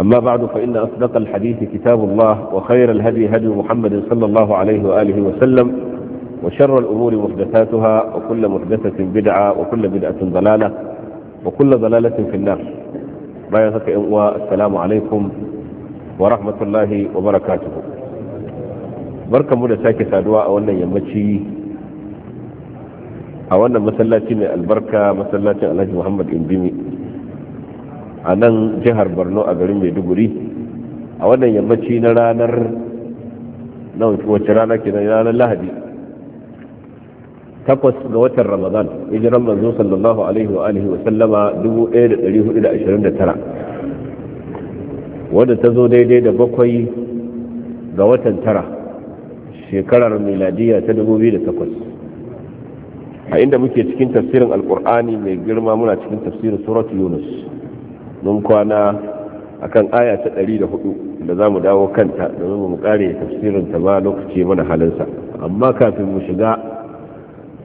أما بعد فإن أصدق الحديث كتاب الله وخير الهدي هدي محمد صلى الله عليه وآله وسلم وشر الأمور محدثاتها وكل محدثة بدعة وكل بدعة ضلالة وكل ضلالة في النار إنواء والسلام عليكم ورحمة الله وبركاته بركة مدى ساكسة دواء أولا يمشي أولا مسلاتين البركة مسلاتين الهج محمد إنبيمي a nan jihar borno a garin maiduguri a wannan yammaci na ranar na wacce rana ke ranar lahadi takwas ga watan ramadan hijiran manzo sallallahu alaihi wa alihi wa sallama 1429 wadda ta zo daidai da bakwai ga watan tara shekarar miladiya ta 2008 a inda muke cikin tafsirin alkur'ani mai girma muna cikin tafsirin surat yunus mun kwana akan aya ta ɗari da hudu za mu dawo kanta domin mu kare tafsirin ta ba lokaci mana halinsa amma kafin mu shiga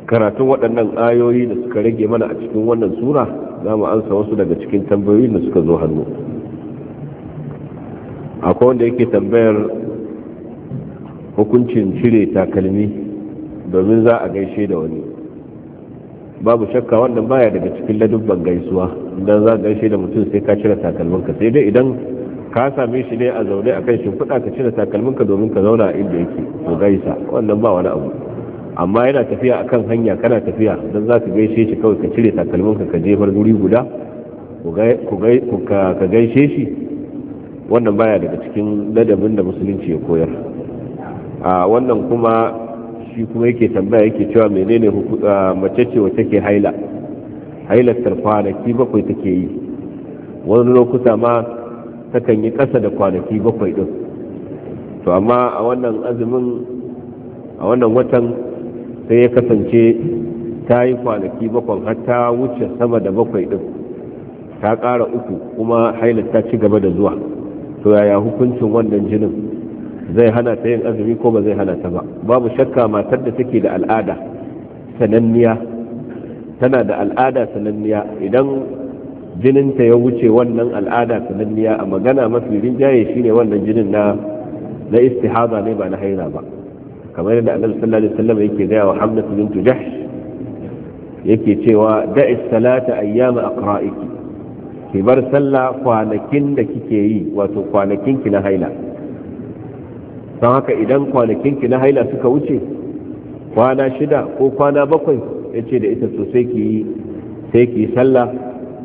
karatun waɗannan ayoyi da suka rage mana a cikin wannan sura za mu ansa wasu daga cikin tambayoyin da suka zo hannu akwai wanda yake tambayar hukuncin cire takalmi domin za a gaishe da wani babu shakka wannan baya daga cikin ladubban gaisuwa idan za ka gaishe da mutum sai ka cire takalminka sai dai idan ka same shi ne a zaune a kan shimfiɗa ka cire takalminka domin ka zauna a inda yake ko gaisa wannan ba wani abu amma yana tafiya akan hanya kana tafiya don za ka gaishe shi kawai ka cire takalminka ka bar guri guda ka gaishe shi wannan baya daga cikin ladabin da musulunci ya koyar a wannan kuma shi kuma yake tambaya yake cewa menene ah, mace ce wacce ke haila hailatar kwanaki bakwai take yi wani lokuta ma takan yi kasa da kwanaki bakwai din to amma a wannan azumin a wannan watan sai ya kasance ta yi kwanaki bakwai har ta wuce sama da bakwai din ta ƙara uku kuma haila ta ci gaba da zuwa to yaya hukuncin wannan jinin zai hana ta yin azumi ko ba zai hana ta ba babu shakka matar da take da al'ada sananniya tana da al'ada sananniya idan jininta ya wuce wannan al'ada sananniya a magana mafi rinjaye shine wannan jinin na na istihaza ne ba na haira ba kamar yadda annabi sallallahu alaihi wasallam yake gaya wa hamnat bintu jahsh yake cewa da'i salata ayyama aqra'iki ki bar sallah kwanakin da kike yi wato kwanakin ki na haila don haka idan kwanakinki na haila suka wuce kwana shida ko kwana bakwai ya ce da ita sosai yi sai ki salla sallah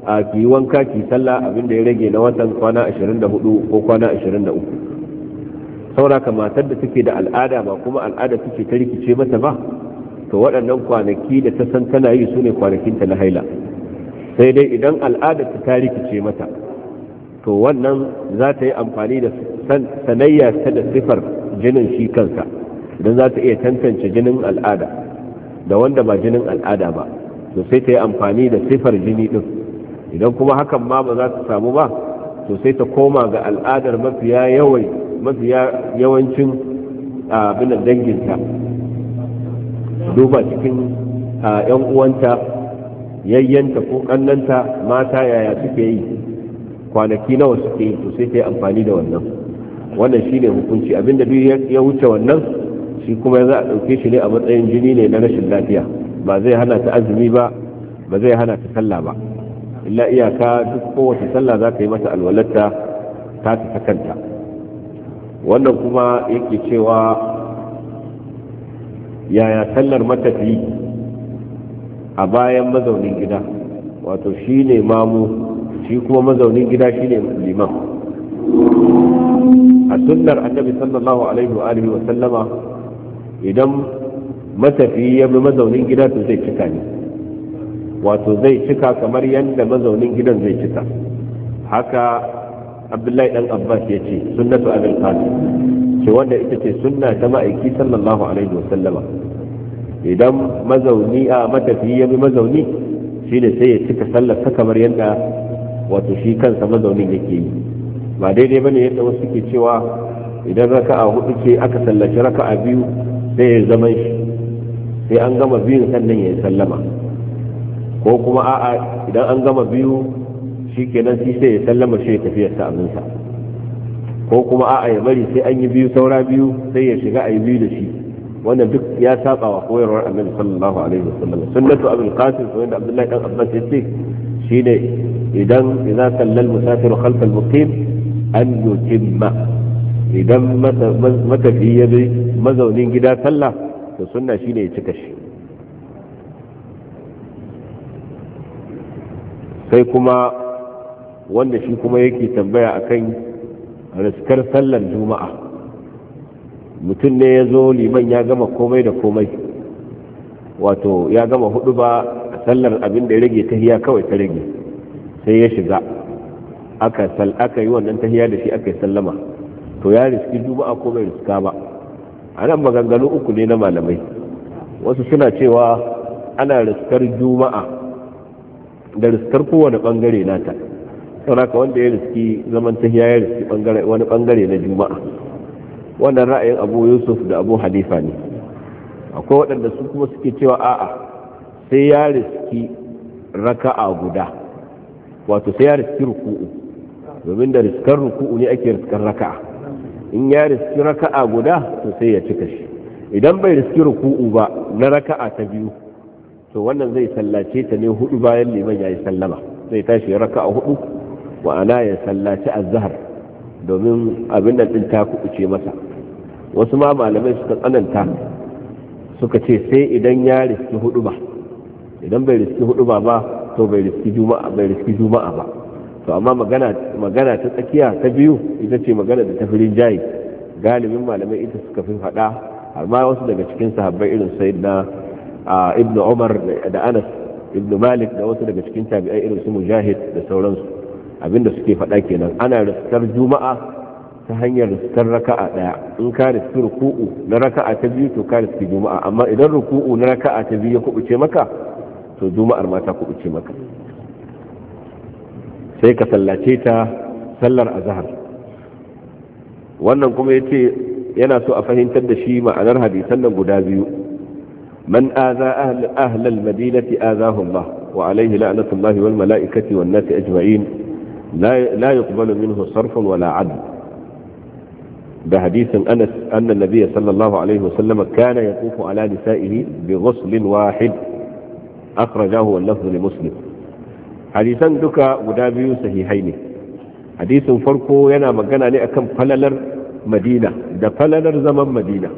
a ki wanka ki sallah abinda ya rage na watan kwana 24 ko kwana 23 sauraka matar da take da al'ada ba kuma al'ada take ta rikice mata ba to waɗannan kwanaki da ta san tana yi su ne ta na haila sai dai idan al'ada ta rikice mata to wannan za ta yi amfani da sanayya ta da siffar. jinin shi kansa idan za ta iya tantance jinin al'ada da wanda ba jinin al'ada ba to sai ta yi amfani da sifar jini din idan kuma hakan ma ba za ta samu ba to sai ta koma ga al'adar mafiya yawancin abin danginta duba cikin yan uwanta yayyanta ko kannanta mata yaya suke yi kwanaki nawa suke yi to sai ta yi amfani da wannan wannan shi ne hukunci abinda duk ya wuce wannan shi kuma za a ɗauke shi ne a matsayin jini ne na rashin lafiya ba zai hana ta azumi ba ba zai hana ta sallah ba illa iyaka duk kowace sallah za ka yi mata alwalarta ta ta kanta wannan kuma yake cewa yaya sallar matafi a bayan mazaunin gida wato shi ne mamu shi kuma mazaunin gida shi ne liman a sunnar annabi sallallahu alaihi wa alihi wa sallama idan matafiyi ya bi mazaunin gida to zai cika ne wato zai cika kamar yadda mazaunin gidan zai cika haka abdullahi dan abbas ya ce sunnatu abin qasim ce wanda ita ce sunna ta ma'aiki sallallahu alaihi wa sallama idan mazauni a matafiyi ya bi mazauni shine sai ya cika sallar ta kamar yadda wato shi kansa mazaunin yake yi ba daidai bane yadda wasu ke cewa idan raka a hudu ce aka sallaci a biyu sai ya zama shi sai an gama biyun sannan ya sallama ko kuma a'a idan an gama biyu kenan shi sai ya sallama shi ya tafi sa abinsa ko kuma a'a ya bari sai an yi biyu saura biyu sai ya shiga a yi biyu da shi wannan duk ya saba wa koyarwar annabi sallallahu alaihi wasallam sunnatu abul qasim wanda abdullahi dan abbas yace shine idan idza sallal musafir khalf al muqim an yutimma idan matafi ya bi mazaunin gida sallah to sunna shine ya cika shi sai kuma wanda shi kuma yake tambaya akan riskar sallar juma'a mutum ne ya zo liman ya gama komai da komai wato ya gama hudu ba sallar abin da ya rage ta hiya kawai ta rage sai ya shiga aka sal aka yi wannan tahiya da shi aka yi sallama to ya riski juma'a ko bai riska ba A nan maganganu uku ne na malamai wasu suna cewa ana riskar juma'a da riskar kowane bangare nata ka wanda ya riski zaman tahiya ya riski wani bangare na juma'a wannan ra'ayin abu yusuf da abu halifa ne akwai waɗanda su kuma suke cewa a'a sai ya riski raka'a guda wato sai ya riski ruku'u domin da riskar ruku'u ne ake riskar raka'a in ya riski raka'a guda to sai ya cika shi idan bai riski ruku'u ba na raka'a ta biyu to wannan zai sallace ta ne hudu bayan liman ya yi sallama zai tashi raka'a hudu ma'ana ya sallaci azhar domin abin da din ta kuɓuce masa wasu ma malamai suka tsananta suka ce sai idan ya riski hudu ba idan bai riski hudu ba ba to bai riski juma'a bai riski juma'a ba to amma magana ta tsakiya ta biyu ita ce magana da tafirin jayi galibin malamai ita suka fi faɗa amma wasu daga cikin sahabbai irin sai na ibn umar da anas ibn malik da wasu daga cikin tabi'ai irin su mujahid da sauransu abinda suke faɗa kenan ana riskar juma'a ta hanyar riskar raka'a ɗaya in ka riski ruku'u na raka'a ta biyu to ka riski juma'a amma idan ruku'u na raka'a ta biyu ya kubuce maka to juma'ar ma ta kubuce maka sai ka sallace ta sallar azhar wannan kuma yace yana so a fahimtar da shi ma'anar hadisan nan guda biyu man aza ahlal madinati azahum Allah wa alaihi la'natullahi wal mala'ikati wan nasi ajma'in la yuqbalu minhu sarfun wala 'adl da hadisin ده حديث أنس أن النبي صلى الله عليه وسلم كان يطوف على نسائه بغسل واحد أخرجه واللفظ muslim hadisan duka guda biyu sahihai ne hadisin farko yana magana ne akan falalar madina da falalar zaman madina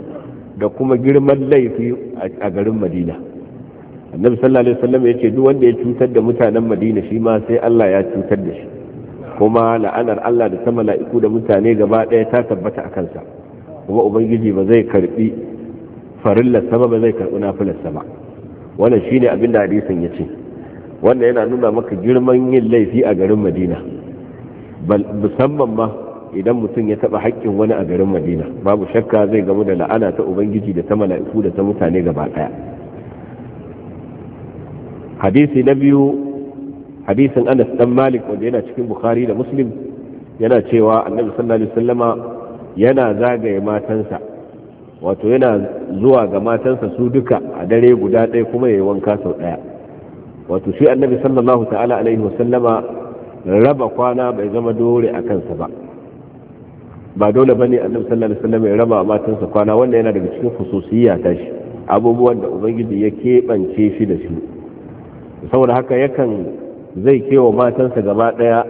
da kuma girman laifi a garin madina annabi sallallahu alaihi wasallam yace duk wanda ya cutar da mutanen madina shi ma sai Allah ya cutar da shi kuma la'anar Allah da ta la'iku da mutane gaba ɗaya ta tabbata a kansa kuma ubangiji ba zai karbi farillar sama ba zai karbi nafilar sama wannan shine abin da hadisin yace wannan yana nuna maka girman yin laifi a garin madina musamman ma idan mutum ya taba haƙƙin wani a garin madina babu shakka zai gamu da la'ana ta ubangiji da ta mala'iku da ta mutane gaba ɗaya hadisi na biyu hadisin anas dan malik wanda yana cikin bukhari da muslim yana cewa annabi sallallahu alaihi wasallama yana zagaye matansa wato yana zuwa ga matansa su duka a dare guda ɗaya kuma ya yi wanka sau ɗaya wato shi annabi sallallahu ta'ala alaihi wasallama raba kwana bai zama dole a kansa ba ba dole bane annabi sallallahu alaihi ya raba matansa kwana wanda yana daga cikin khususiyya ta shi abubuwan da ubangiji ya keɓance shi da shi saboda haka yakan zai kewa matansa gaba daya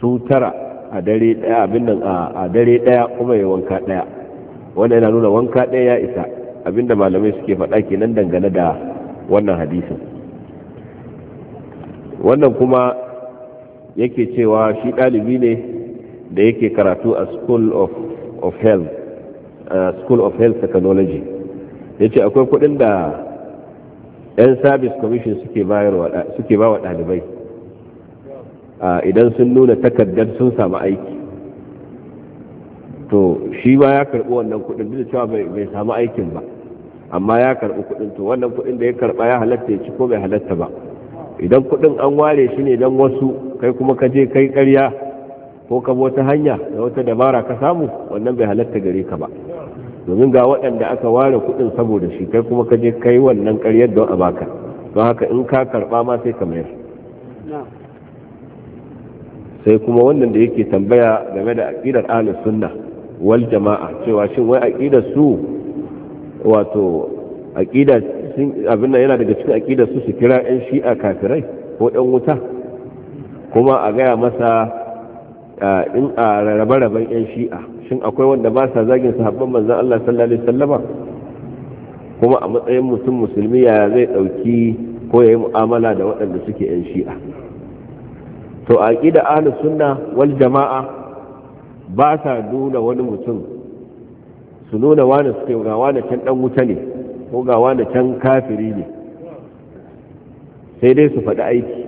su tara a dare daya abin nan a dare daya kuma ya wanka daya wanda yana nuna wanka daya ya isa abinda malamai suke faɗa kenan dangane da wannan hadisin wannan kuma yake cewa shi ɗalibi ne da yake karatu a school of, of health uh, school of health technology ya ce akwai kudin da 'yan service commission suke ba wa ɗalibai idan sun nuna takardar sun samu aiki to shi ba ya karɓi wannan kudin duk da cewa bai samu aikin ba amma ya karɓi kudin to wannan kudin da ya karɓa ya halatta ya ci ko bai halatta ba idan kudin an ware shi ne don wasu kai kuma ka je kai karya ko ka wata hanya da wata dabara ka samu wannan bai halatta gare ka ba domin ga waɗanda aka ware kudin saboda shi kai kuma ka je kai wannan karyar don a baka don haka in ka karba ma sai ka mayar sai kuma wannan da yake tambaya game da aqidar ahlus sunna wal jama'a cewa shin wai aqidar su wato aqidar cikin abin nan yana daga cikin aqidar su su kira ƴan shi'a kafirai ko ƴan wuta kuma a gaya masa in a rarrabe raban ƴan shi'a shin akwai wanda ba sa zagin sahabban manzan Allah sallallahu alaihi wasallama kuma a matsayin mutum musulmi ya zai ɗauki ko yi mu'amala da waɗanda suke ƴan shi'a to a aqida ahlus sunna wal jama'a ba sa nuna wani mutum su nuna wani suke wani can ɗan wuta ne ko ga wani can kafiri ne sai dai su faɗi aiki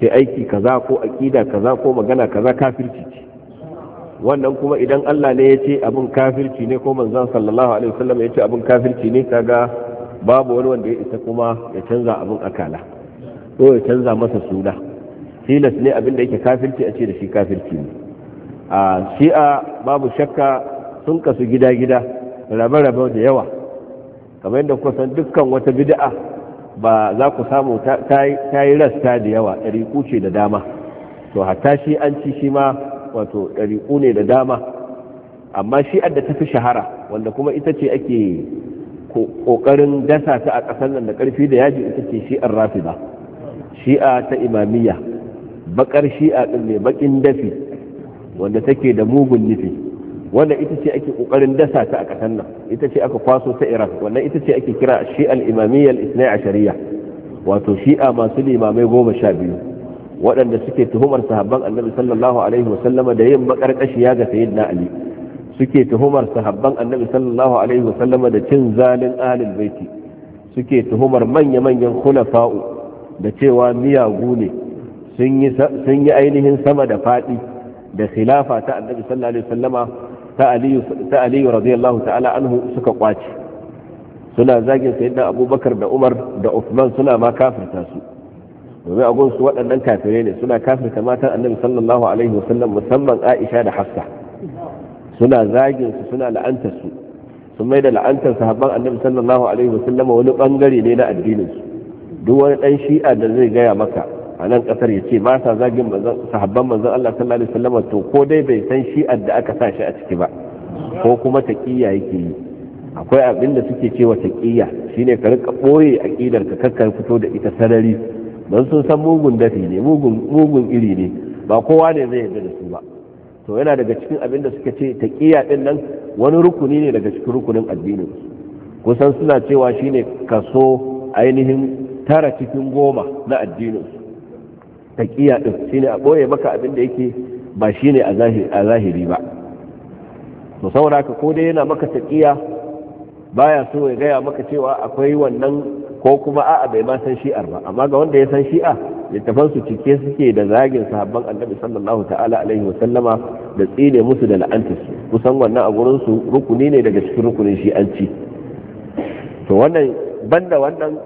sai aiki kaza ko aƙida kaza ko magana kaza kafirci ce wannan kuma idan Allah ne ya ce abin kafirci ne ko manzan sallallahu alaihi wasallam ya ce abin kafirci ne ga babu wani wanda ya isa kuma ya canza abin akala ko ya canza masa suna tilas ne abin da yake kafirci a ce da shi kafirci ne a shi'a babu shakka sun kasu gida-gida rabe-rabe da yawa kamar yadda kuka san dukkan wata bid'a ba za ku samu ta yi rasta da yawa ɗariƙu ce da dama to hatta shi an ci shi ma wato ɗariƙu ne da dama amma shi adda ta fi shahara wanda kuma ita ce ake ƙoƙarin dasa ta a ƙasar nan da ƙarfi da yaji ita ce shi'ar rafida shi'a ta imamiyya baƙar shi'a ɗin mai baƙin dafi wanda take da mugun nufi wannan ita ce ake kokarin dasa ta a ƙasar nan ita ce aka kwaso ta iran wannan ita ce ake kira shi al-imamiyyah al-isna ashariya wato shi'a masu limamai goma sha biyu waɗanda suke tuhumar sahabban annabi sallallahu alaihi wasallama da yin makarƙashiya ga na ali suke tuhumar sahabban annabi sallallahu alaihi wasallama da cin zalin ahlul baiti suke tuhumar manya-manyan khulafa'u da cewa miyagu ne sun yi ainihin sama da faɗi da khilafa ta annabi sallallahu alaihi wasallama ta aliyu ta aliyu radiyallahu ta'ala anhu suka kwace suna zagin sayyidina abubakar da umar da uthman suna ma kafirta su domin a gunsu waɗannan kafirai ne suna kafirta matan annabi sallallahu alaihi wasallam musamman aisha da hafsa suna zagin su suna la'antar su sun mai da la'antar sahabban annabi sallallahu alaihi wasallam wani bangare ne na addinin su duk wani dan shi'a da zai gaya maka a nan kasar ya ce ba sa zagin sahabban manzon Allah sallallahu alaihi wasallam to ko dai bai san shi'ar da aka sa shi a ciki ba ko kuma taqiyya yake yi akwai abin da suke cewa taqiyya shine ka rika boye aqidar ka kakkar fito da ita sarari don sun san mugun dafi ne mugun mugun iri ne ba kowa ne zai yarda da su ba to yana daga cikin abin da suke ce taqiyya din nan wani rukuni ne daga cikin rukunin addinin kusan suna cewa shine kaso ainihin tara cikin goma na addinin taqiya ɗin shine a boye maka abin da yake ba shine a zahiri ba to saboda ko dai yana maka taqiya baya so ya gaya maka cewa akwai wannan ko kuma a'a bai ma san shi'ar ba amma ga wanda ya san shi'a littafan su cike suke da zagin sahabban annabi sallallahu ta'ala alaihi wa sallama da tsine musu da la'anta su kusan wannan a gurin su rukuni ne daga cikin rukunin shi'anci to wannan banda wannan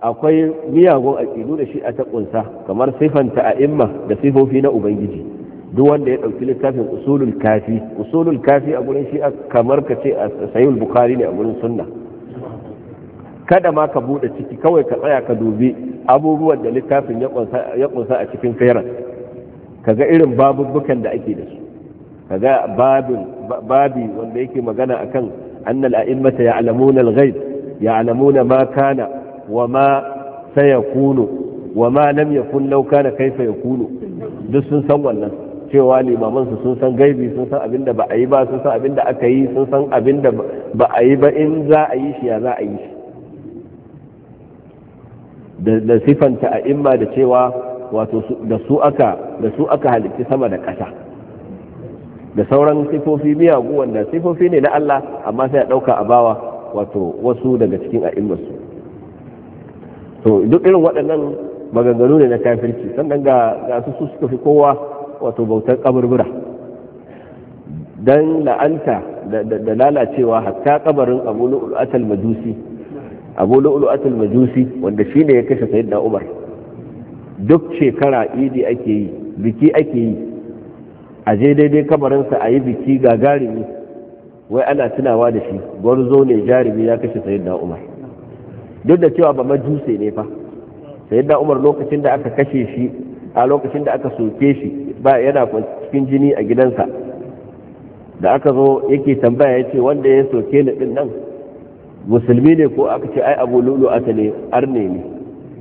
akwai miyagun aƙidu da shi a ta ƙunsa kamar sifanta a imma da sifofi na ubangiji duk wanda ya ɗauki littafin usulul kafi usulul kafi a gurin shi kamar ka ce a sayul bukari ne a gurin sunna kada ma ka buɗe ciki kawai ka tsaya ka dubi abubuwan da littafin ya ƙunsa a cikin Ka kaga irin babubbukan da ake da su kaga babin babi wanda yake magana akan annal a'immata ya'lamuna al-ghaib ya'lamuna ma kana wama سيكون wama لم يكن لو kana كيف يكون duk sun san wannan cewa limaman su sun san gaibi sun san abin da ba a yi ba sun san abin da aka yi sun san abin da ba a yi ba in za a yi shi ya za a yi shi da sifanta a imma da cewa wato da su aka da su aka halitti sama da ƙasa da sauran sifofi miyagu wanda sifofi ne na Allah amma sai a ɗauka a bawa wato wasu daga cikin a'immarsu to duk irin waɗannan maganganu ne na kafirci sannan ga gasu su suka fi kowa wato bautar kaburbura dan la'anta da lalacewa hatta kabarin abu atal majusi abu atal majusi wanda shine ya kashe sayyidina umar duk shekara idi ake yi biki ake yi a je daidai kabarinsa a yi biki gagarumi wai ana tunawa da shi gwarzo ne jarumi ya kashe sayyidina umar duk da cewa ba majuse ne fa sai da umar lokacin da aka kashe shi a lokacin da aka soke shi ba yana cikin jini a gidansa da aka zo yake tambaya ya ce wanda ya soke ni din nan musulmi ne ko aka ce ai abu lulu asali arne ne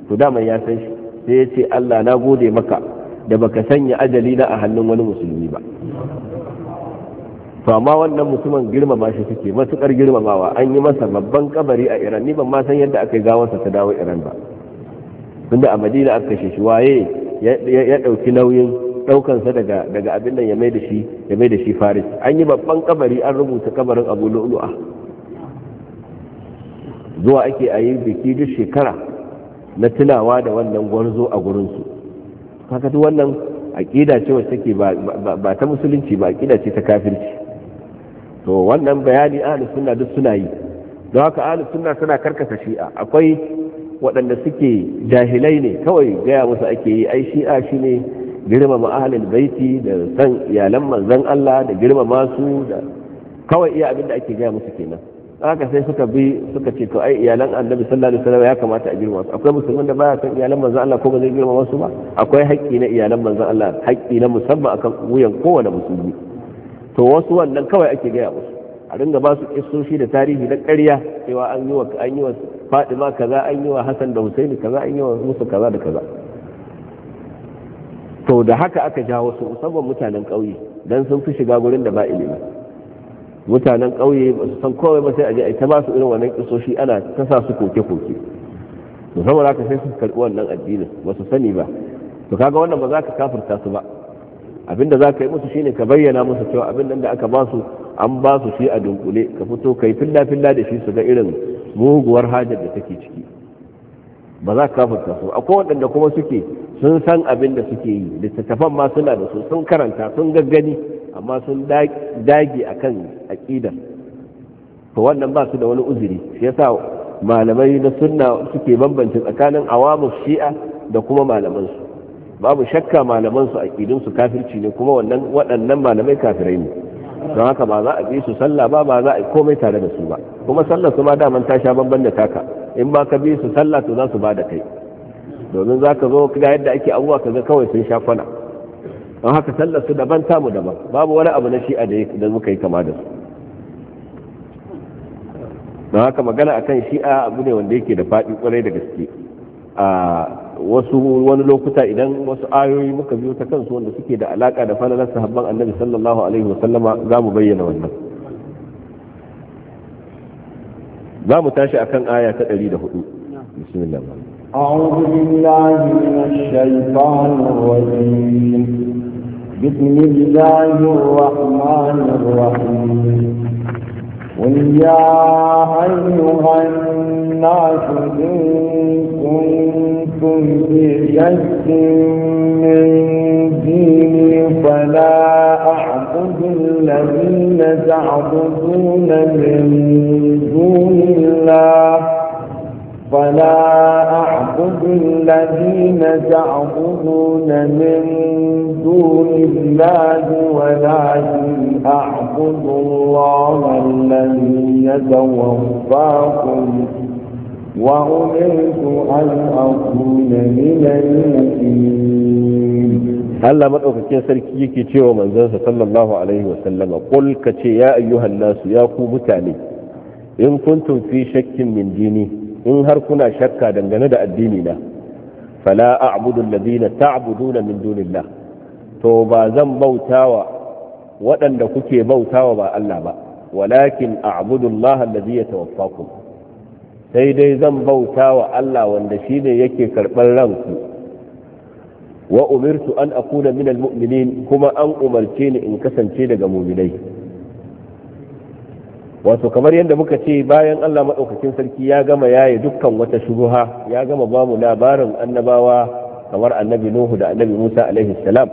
to daman ya san shi sai ya ce allah na gode maka da baka sanya ajali na a hannun wani musulmi ba to amma wannan mutumin girmama shi kake matukar girmamawa an yi masa babban kabari a iran ni ban ma san yadda aka gawarsa ta dawo iran ba tunda a madina aka kashe shi waye ya dauki nauyin daukansa daga daga abin nan ya mai da shi ya mai da shi faris an yi babban kabari an rubuta kabarin abu lu'lu'a zuwa ake a yi biki duk shekara na tunawa da wannan gwarzo a gurinsu Kaka duk wannan aƙida ce wacce take ba ta musulunci ba aƙida ce ta kafirci to wannan bayani ahlus sunna duk suna yi don haka ahlus sunna suna karkata shi'a akwai waɗanda suke jahilai ne kawai gaya musu ake yi ai shi'a shine girmama ahlul baiti da san iyalan manzon Allah da girmama su da kawai iya abin da ake gaya musu kenan haka sai suka bi suka ce to ai iyalan annabi sallallahu alaihi wasallam ya kamata a girma su akwai musulmin da baya san iyalan manzon Allah ko ba zai girmama su ba akwai haƙƙi na iyalan manzon Allah haƙƙi na musamman akan wuyan kowane musulmi to wasu wannan kawai ake gaya musu a ringa ba su kissoshi da tarihi na ƙarya cewa an yi wa an yi wa Fatima kaza an yi wa Hassan da Husaini kaza an yi wa Musa kaza da kaza to da haka aka ja wasu musamman mutanen ƙauye dan sun fi shiga gurin da ba ilimi mutanen ƙauye ba su san kowai ba sai a je a ta ba su irin wannan kissoshi ana ta sa su koke-koke Musamman aka haka sai su karɓi wannan addinin ba su sani ba to kaga wannan ba za ka kafirta su ba abinda za ka yi musu shine ka bayyana musu cewa abin nan da aka ba su an ba su shi a dunkule ka fito ka yi filla filla da shi su ga irin muguwar hajar da take ciki ba za ka kafarta su akwai waɗanda kuma suke sun san abin da suke yi littattafan ma suna da su sun karanta sun gaggani amma sun dage akan aƙidar to wannan ba su da wani uzuri shi yasa malamai na sunna suke bambance tsakanin awamu shi'a da kuma malamansu babu shakka malaman su su kafirci ne kuma wannan waɗannan malamai kafirai ne don haka ba za a bi su sallah ba ba za a komai tare da su ba kuma sallar su ma daman ta sha banban da taka in ba ka bi su sallah to za su ba da kai domin za ka zo ga yadda ake abuwa ka ga kawai sun sha kwana don haka sallar su daban tamu daban babu wani abu na shi'a da muka yi kama da su don haka magana akan shi'a abu ne wanda yake da faɗi kwarai da gaske a wasu wani lokuta idan wasu ayoyi muka biyo ta kansu wanda suke da alaka da falalar sahabban annabi sallallahu alaihi wasallama za mu bayyana wannan za mu tashi akan aya ta 104 bismillah أعوذ بالله من الشيطان الرجيم بسم الله الرحمن قل يا أيها الناس إن كنتم في شك من ديني فلا أعبد الذين تعبدون من دون الله فلا أعبد الذين تعبدون من دون الله ولكن أعبد الله الذي يتوفاكم وأمرت أن أكون من المؤمنين Allah maɗaukakin sarki yake cewa manzansa sallallahu alaihi wasallama qul kace ya ayyuhan nasu ya ku mutane in kuntum fi shakkin min dini in har kuna shakka dangane da addini na fala a'budu alladhina ta'buduna min dunillah to ba zan bautawa waɗanda kuke bautawa ba Allah ba walakin a'budu Allah yatawaffakum sai dai zan bautawa Allah wanda shine yake karɓar ranku wa umirtu an akuna min almu'minin kuma an umarce ni in kasance daga mu'minai wato kamar yadda muka ce bayan Allah maɗaukakin sarki ya gama yaye dukkan wata shubuha ya gama ba mu labarin annabawa kamar annabi Nuhu da annabi Musa alaihi salam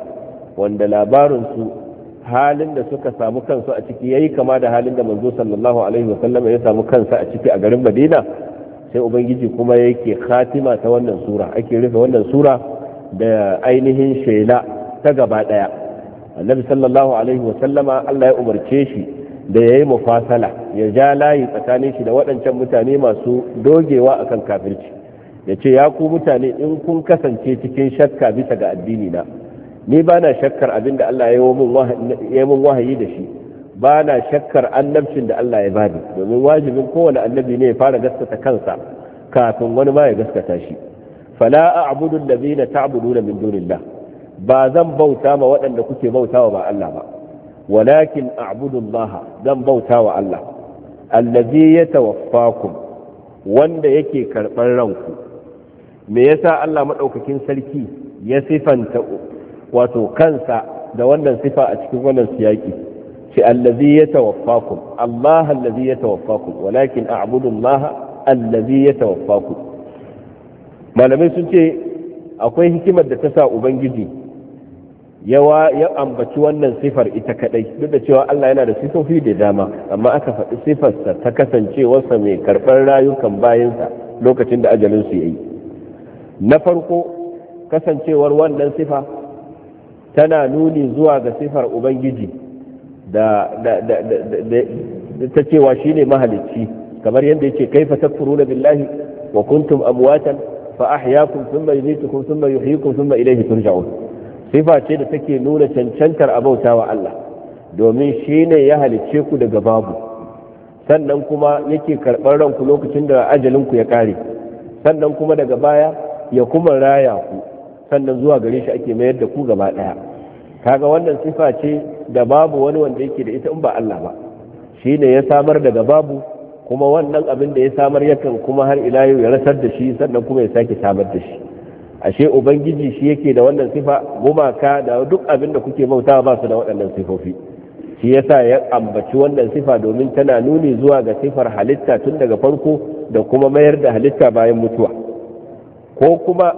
wanda labarin su halin da suka samu kansu a ciki yayi kama da halin da manzo sallallahu alaihi wa sallam ya samu kansa a ciki a garin Madina sai ubangiji kuma yake khatima ta wannan sura ake rufe wannan sura da ainihin shela ta gaba daya annabi sallallahu alaihi wa sallama Allah ya umarce shi da ya yi mafasala ya ja layi tsakanin shi da waɗancan mutane masu dogewa akan kafirci ya ce ya ku mutane in kun kasance cikin shakka bisa ga addini na ni ba na shakkar abin da Allah ya mun wahayi da shi ba na shakkar annabcin da Allah ya bani domin wajibin kowane annabi ne ya fara gaskata kansa kafin wani ma ya gaskata shi fala a'budu allazina ta'buduna min dunillah ba zan bauta ma waɗanda kuke bautawa ba Allah ba walakin a'budu Allah zan bauta wa Allah allazi yatawaffakum wanda yake karɓar ranku me yasa Allah maɗaukakin sarki ya sifanta wato kansa da wannan sifa a cikin wannan siyaki shi allazi yatawaffakum Allah allazi yatawaffakum walakin a'budu Allah allazi yatawaffakum malamai sun ce akwai hikimar da ta sa ubangiji yawa ya ambaci wannan sifar ita kadai duk da cewa Allah yana da sifofi da dama amma aka faɗi sifarsa ta kasancewarsa mai karɓar rayukan bayansa lokacin da ajalin su yayi na farko kasancewar wannan sifa tana nuni zuwa ga sifar ubangiji da da da da ta cewa shine mahalicci kamar yadda yake kaifa takfuruna billahi wa kuntum amwatan fa ahyaakum thumma yumitukum thumma yuhyikum thumma ilayhi turja'un sifa ce da take nuna cancantar abauta wa Allah domin shi ne ya halicce ku daga babu sannan kuma yake karɓar ranku lokacin da ajalinku ya ƙare sannan kuma daga baya ya kuma raya ku sannan zuwa gare shi ake mayar da ku gaba ɗaya kaga wannan sifa ce da babu wani wanda yake da ita in ba Allah ba shi ne ya samar daga babu kuma wannan abin da ya samar yakan kuma har ila yau ya rasar da shi sannan kuma ya sake samar da shi ashe ubangiji shi yake da wannan sifa gumaka da duk abin da kuke bautawa ba su da waɗannan sifofi shi yasa ya ambaci wannan sifa domin tana nuni zuwa ga sifar halitta tun daga farko da kuma mayar da halitta bayan mutuwa ko kuma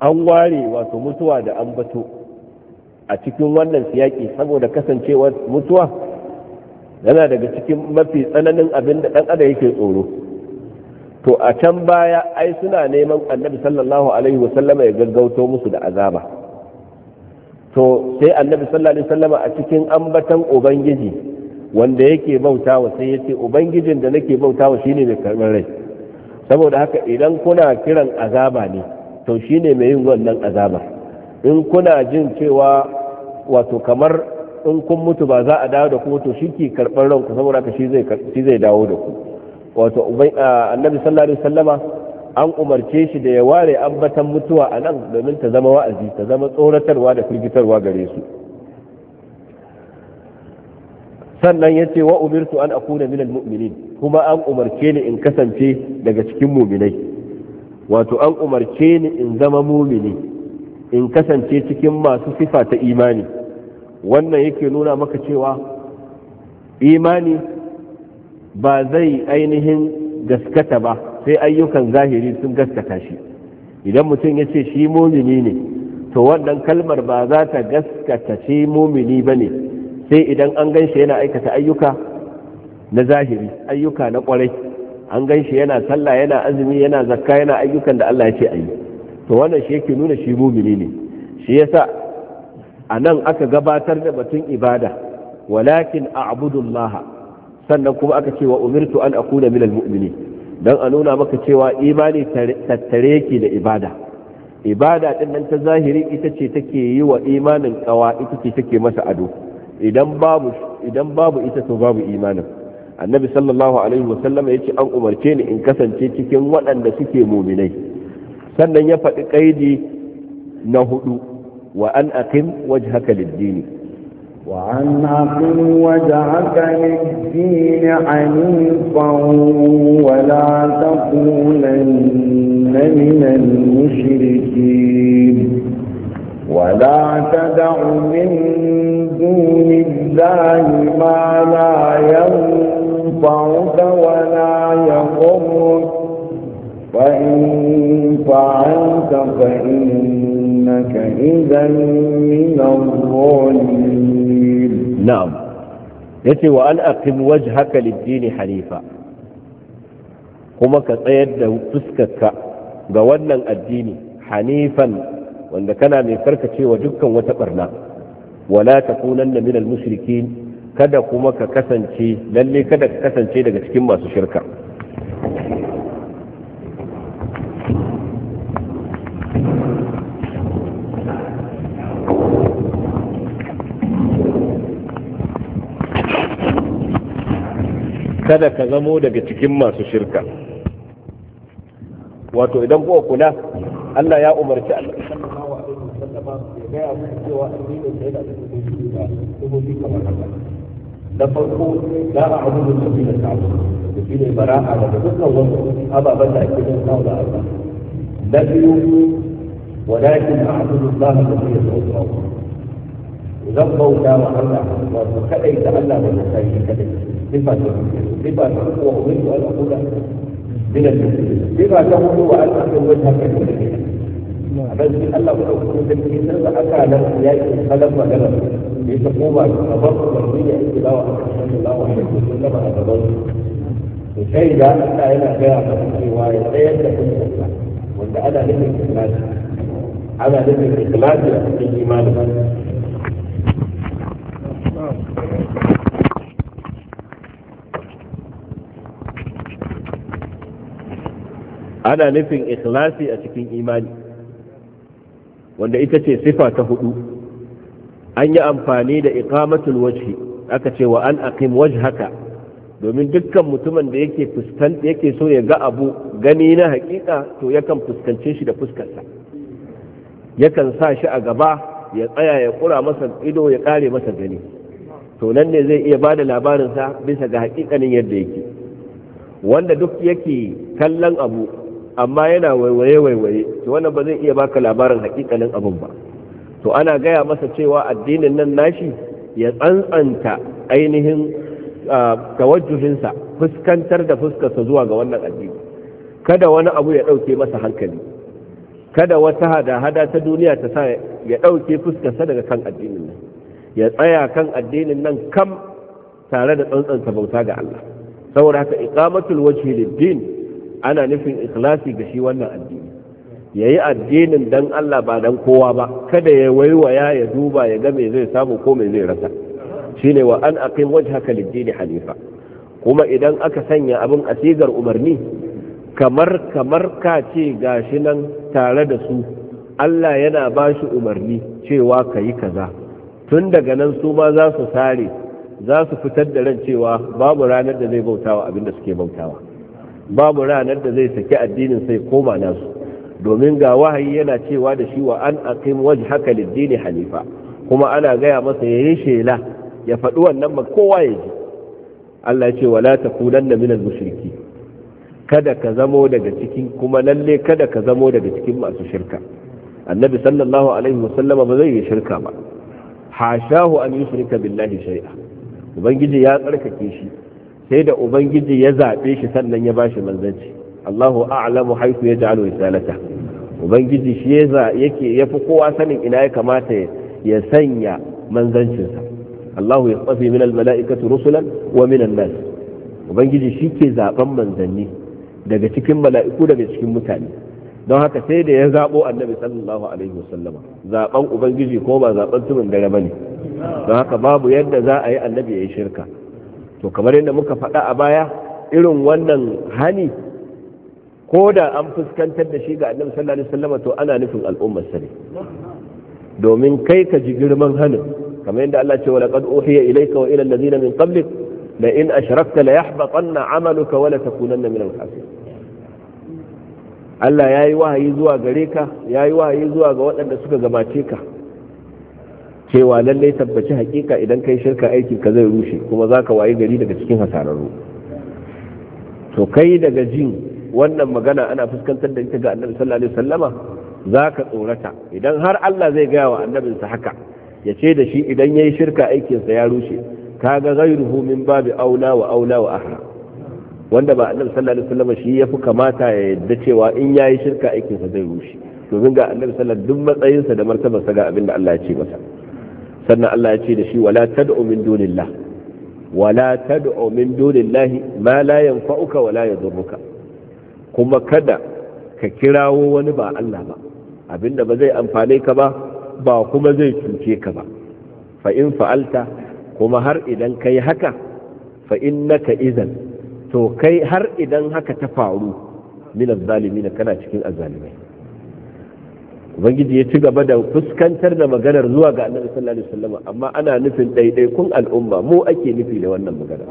an ware wato mutuwa da an a cikin wannan siyaki saboda kasancewar mutuwa yana daga cikin mafi tsananin abin da ɗan adam yake tsoro to a can baya ai suna neman annabi sallallahu alaihi wasallama ya gaggauto musu da azaba to sai annabi sallallahu alaihi wasallama a cikin ambatan ubangiji wanda yake bautawa sai yace ubangijin da nake bautawa shine mai karɓar rai saboda haka idan kuna kiran azaba ne to shine mai yin wannan azaba in kuna jin cewa wato kamar in kun mutu ba za a dawo da ku to shi ke karɓar ranku saboda haka shi zai dawo da ku wato annabi sallallahu alaihi wasallama an umarce shi da ya ware ambatan mutuwa a nan domin ta zama wa'azi ta zama tsoratarwa da firgitarwa gare su sannan ya ce wa umirtu an akuna minal mu'minin kuma an umarce ni in kasance daga cikin muminai wato an umarce ni in zama mumini in kasance cikin masu sifa ta imani wannan yake nuna maka cewa imani ba zai ainihin gaskata ba sai ayyukan zahiri sun gaskata shi idan mutum ya ce shi mumini ne to wannan kalmar ba za ta gaskata shi mumini ba ne sai idan an gan shi yana aikata ayyuka na zahiri ayyuka na kwarai an gan shi yana sallah yana azumi yana zakka yana ayyukan da Allah ya ce ayi to wannan shi yake nuna shi mumini ne shi yasa a nan aka gabatar da batun ibada walakin a'budullaha sannan kuma aka ce wa umirtu an akuna minal mu'minin dan a nuna maka cewa imani tattare yake da ibada ibada din nan ta zahiri ita ce take yi wa imanin kawa ita ce take masa ado idan babu idan babu ita to babu imanin annabi sallallahu alaihi wasallam ya ce an umarce ni in kasance cikin waɗanda suke muminai sannan ya faɗi kaidi na hudu wa an aqim wajhaka lid-dini وعن أقم وجهك للدين حنيفا ولا تكونن من المشركين ولا تدع من دون الله ما لا ينفعك ولا يضرك فإن فعلت فإنك إذا من الظالمين نعم يتي وأن أقم وجهك للدين حنيفا kuma ka tsayar da fuskarka ga wannan addini hanifan wanda kana mai karkacewa dukkan wata barna wala takunanna minal musulki kada kuma ka kasance lalle kada ka kasance daga cikin masu shirka kada ka zamo daga cikin masu shirka wato idan kuwa kula Allah ya umarci Allah da farko za a abubu da fi da ta'abu da fi da bara'a صفة صفة وأريد أن أقول من المسلمين بما تقول وأن أقول وجهك للمسلمين بس الله أقول تمكين أتى على سياق الخلف وجلس لتقوم بالتبرع والنية إلى الله عليه وسلم على تبرع الشيء ده أنا هنا جاي أقول رواية لا يكون وأنت أنا لم الإخلاص أنا لم الإخلاص في إيمانك ana nufin ikhlasi a cikin imani wanda ita ce sifa ta hudu an yi amfani da iqamatul wajhi aka ce wa an aqim wajhaka domin dukkan mutumin da yake fuskan yake so ya ga abu gani na hakika to yakan fuskance shi da fuskarsa yakan sa shi a gaba ya tsaya ya kura masa ido ya kare masa gani to nan ne zai iya bada labarinsa bisa ga hakikanin yadda yake wanda duk yake kallon abu amma yana waiwaye waiwaye to wannan ba zai iya baka labarin hakikanin abin ba to ana gaya masa cewa addinin nan nashi ya tsantsanta ainihin tawajjuhinsa fuskantar da fuskarsa zuwa ga wannan addini kada wani abu ya ɗauke masa hankali kada wata hada-hada ta duniya ta sa ya ɗauke fuskarsa daga kan addinin nan ya tsaya kan addinin nan kam tare da tsantsanta bauta ga Allah saboda haka iqamatul wajhi lid-din ana nufin ikhlasi ga shi wannan addini ya yi addinin dan Allah ba dan kowa ba kada ya waiwaya ya duba ya ga me zai samu ko me zai rasa shine wa an aqim wajhaka lid-din hanifa kuma idan aka sanya abin asigar umarni kamar kamar ka ce gashi nan tare da su Allah yana ba shi umarni cewa ka yi kaza tun daga nan su ma za su sare za su fitar da ran cewa babu ranar da zai bautawa abin da suke bautawa babu ranar da zai saki addinin sai koma nasu domin ga wahayi yana cewa da shi wa an aqim wajhaka lid-dini Halifa. kuma ana gaya masa yayin shela ya faɗi wannan ba kowa ya ji Allah ya ce wala takunanna minal mushriki kada ka zamo daga cikin kuma lalle kada ka zamo daga cikin masu shirka annabi sallallahu alaihi wasallama ba zai yi shirka ba hashahu an yushrika billahi shay'a ubangiji ya tsarkake shi sai da ubangiji ya zaɓe shi sannan ya bashi manzanci Allahu a'lamu haifu ya ja'alu risalata ubangiji shi ya fi kowa sanin ina ya kamata ya sanya manzancinsa Allahu ya tsafi min mala'ikatu rusulan wa minan nas ubangiji shi ke zaben manzanni daga cikin mala'iku daga cikin mutane don haka sai da ya zaɓo annabi sallallahu alaihi wasallama zaben ubangiji ko ba zaben tumin dare bane don haka babu yadda za a yi annabi ya yi shirka to kamar yadda muka faɗa a baya irin wannan hani ko da an fuskantar da shi ga annabi sallallahu alaihi wasallam to ana nufin al'ummar sa domin kai ka ji girman hanin kamar yadda Allah ce wa laqad uhiya ilayka wa ila alladhina min qablik la in ashrakta la yahbatanna 'amaluka wa la takunanna min al-khasirin Allah yayi wahayi zuwa gare ka yayi wahayi zuwa ga waɗanda suka gabace ka cewa lallai tabbaci hakika idan kai shirka aikin ka zai rushe kuma za ka waye gari daga cikin hasararru to kai daga jin wannan magana ana fuskantar da ita ga annabi sallallahu alaihi wasallama za ka tsorata idan har Allah zai gaya wa annabinsa haka ya ce da shi idan ya yi shirka aikinsa ya rushe ka ga ghairuhu min babi aula wa aula wa ahra wanda ba annabi sallallahu alaihi wasallama shi yafi kamata ya yadda cewa in ya yi shirka aikinsa zai rushe domin ga annabi sallallahu alaihi wasallam duk matsayinsa da martabarsa ga abin da Allah ya ce masa sannan Allah ya ce da shi wala tad'u min dunillah wala tad'u min dunillah ma la yanfa'uka wala yadurruka kuma kada ka kirawo wani ba Allah ba abinda ba zai amfane ka ba ba kuma zai cuce ka ba fa in fa'alta kuma har idan kai haka fa innaka idan to kai har idan haka ta faru min az-zalimin kana cikin az ubangiji ya ci gaba da fuskantar da maganar zuwa ga annabi sallallahu alaihi wasallam amma ana nufin ɗaiɗaikun al'umma mu ake nufi da wannan magana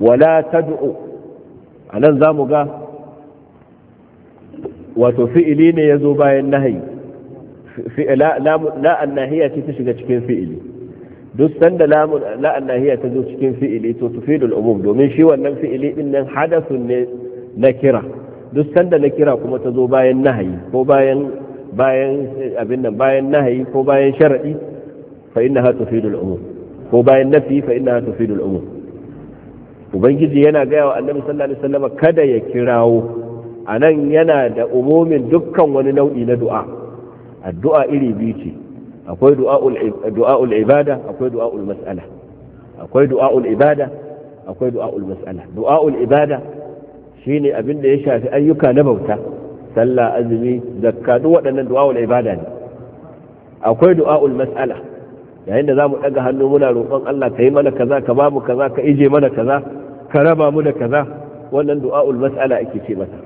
wala tad'u anan zamu ga wato fi'ili ne yazo bayan nahayi la la annahiya ce ta shiga cikin fi'ili duk sanda da la annahiya ta zo cikin fi'ili to tufidul umum domin shi wannan fi'ili din nan hadathun ne na kira duk sanda na kira kuma ta zo bayan nahayi ko bayan bayan abin nan bayan nahayi ko bayan shar'i fa innaha tufidul umur ko bayan nafi fa innaha tufidul umur ubangiji yana gaya wa annabi sallallahu alaihi wasallam kada ya kirawo anan yana da umumin dukkan wani nau'i na du'a addu'a iri biyu ce akwai du'a'ul ibada akwai du'a'ul mas'ala akwai du'a'ul ibada akwai du'a'ul mas'ala du'a'ul ibada shine abin da ya shafi ayyuka na bauta sallah azumi zakka duk waɗannan du'a'ul ibada ne akwai du'a'ul mas'ala yayin da zamu daga hannu muna roƙon Allah ka yi mana kaza ka ba mu kaza ka ije mana kaza ka raba mu da kaza wannan du'a'ul mas'ala ake ce mata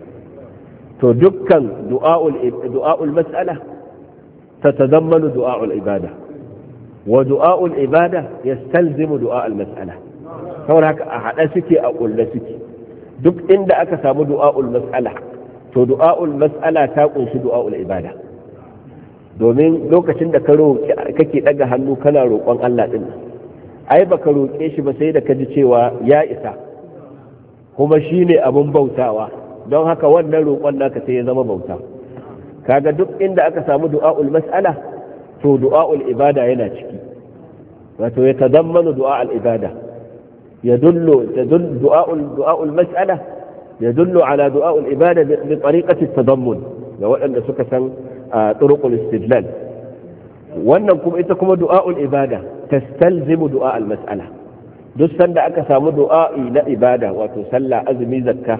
to dukkan du'a'ul du'a'ul mas'ala tatadammanu du'a'ul ibada wa du'a'ul ibada yastalzimu du'a'ul mas'ala saboda haka a hada suke a kulle suke duk inda aka samu du'a'ul mas'ala to du'a'ul mas'ala ta kunshi du'a'ul ibada domin lokacin da ka roƙi kake daga hannu kana roƙon Allah din ai baka roƙe shi ba sai da ka ji cewa ya isa kuma shine abin bautawa don haka wannan roƙon naka sai ya zama bauta kaga duk inda aka samu du'a'ul mas'ala to du'a'ul ibada yana ciki wato ya tazammanu du'a'ul ibada ya dullo du'a'ul du'a'ul mas'ala يدل على دعاء العبادة بطريقة التضمن لو أن سكسا طرق الاستدلال wannan kuma ita kuma du'a'ul ibada tastalzimu du'a al-mas'ala duk sanda aka samu du'a'i na ibada wato sallah azumi zakka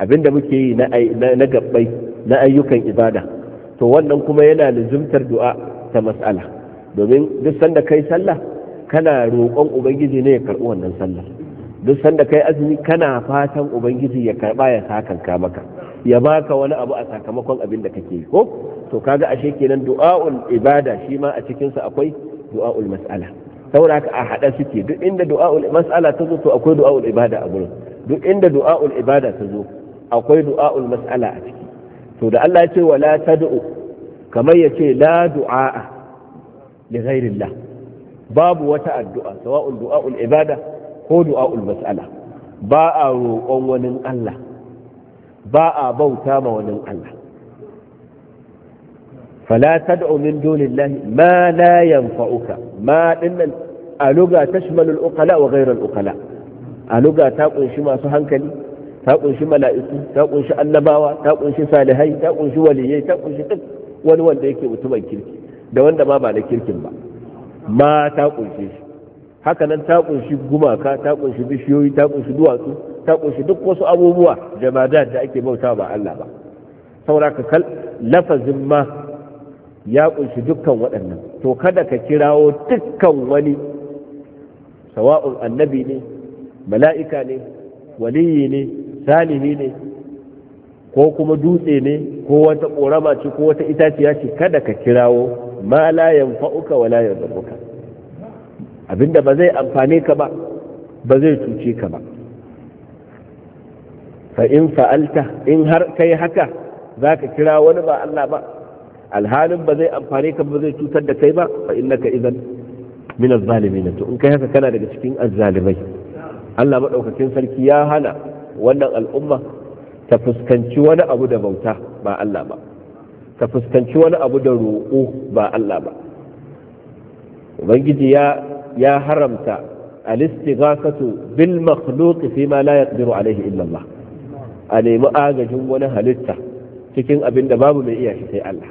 abinda muke yi na gabbai na ayyukan ibada to wannan kuma yana da luzumtar du'a ta mas'ala domin duk sanda kai sallah kana rokon ubangiji ne ya karɓi wannan sallah duk sanda kai azumi kana fatan ubangiji ya karba ya sakanka maka ya baka wani abu a sakamakon abin da kake ko to kaga ashe kenan du'a'ul ibada shi ma a cikin sa akwai du'a'ul mas'ala saboda a hada suke duk inda du'a'ul mas'ala ta zo to akwai du'a'ul ibada a gurin duk inda du'a'ul ibada ta zo akwai du'a'ul mas'ala a ciki to da Allah ya ce wala tad'u kamar ya ce la du'a li ghairillah babu wata addu'a sawa'ul du'a'ul ibada ko du'a'ul mas'ala ba a roƙon wani Allah ba a bauta ma wani Allah fala tad'u min dunillahi ma la yanfa'uka ma dinnan a tashmalu al-uqala wa ghayra al-uqala a ta kunshi masu hankali ta kunshi mala'iku ta kunshi annabawa ta kunshi salihai ta kunshi waliyai ta kunshi duk wani wanda yake mutumin kirki da wanda ma ba da kirkin ba ma ta kunshi shi haka nan ta kunshi gumaka ta kunshi bishiyoyi ta kunshi duwatsu ta kunshi duk wasu abubuwa jamadat da ake bauta ba Allah ba saboda ka kal lafazin ma ya kunshi dukkan waɗannan to kada ka kirawo dukkan wani sawa'un annabi ne mala'ika ne waliyi ne salihi ne ko kuma dutse ne ko wata ƙorama ce ko wata itaciya ce kada ka kirawo ma la yanfa'uka wa la abinda ba zai amfane ka ba ba zai cuce ka ba fa in fa'alta in har kai haka za ka kira wani ba Allah ba alhalin ba zai amfane ka ba zai cutar da kai ba fa innaka idan min az-zalimin to in kai haka kana daga cikin az-zalimai Allah madaukakin sarki ya hana wannan al'umma ta fuskanci wani abu da bauta ba Allah ba ta fuskanci wani abu da roƙo ba Allah ba ubangiji ya ya haramta alistighasatu bil makhluq fi ma la yaqdiru alaihi illa Allah a nemi agajin wani halitta cikin abin da babu mai iya shi sai Allah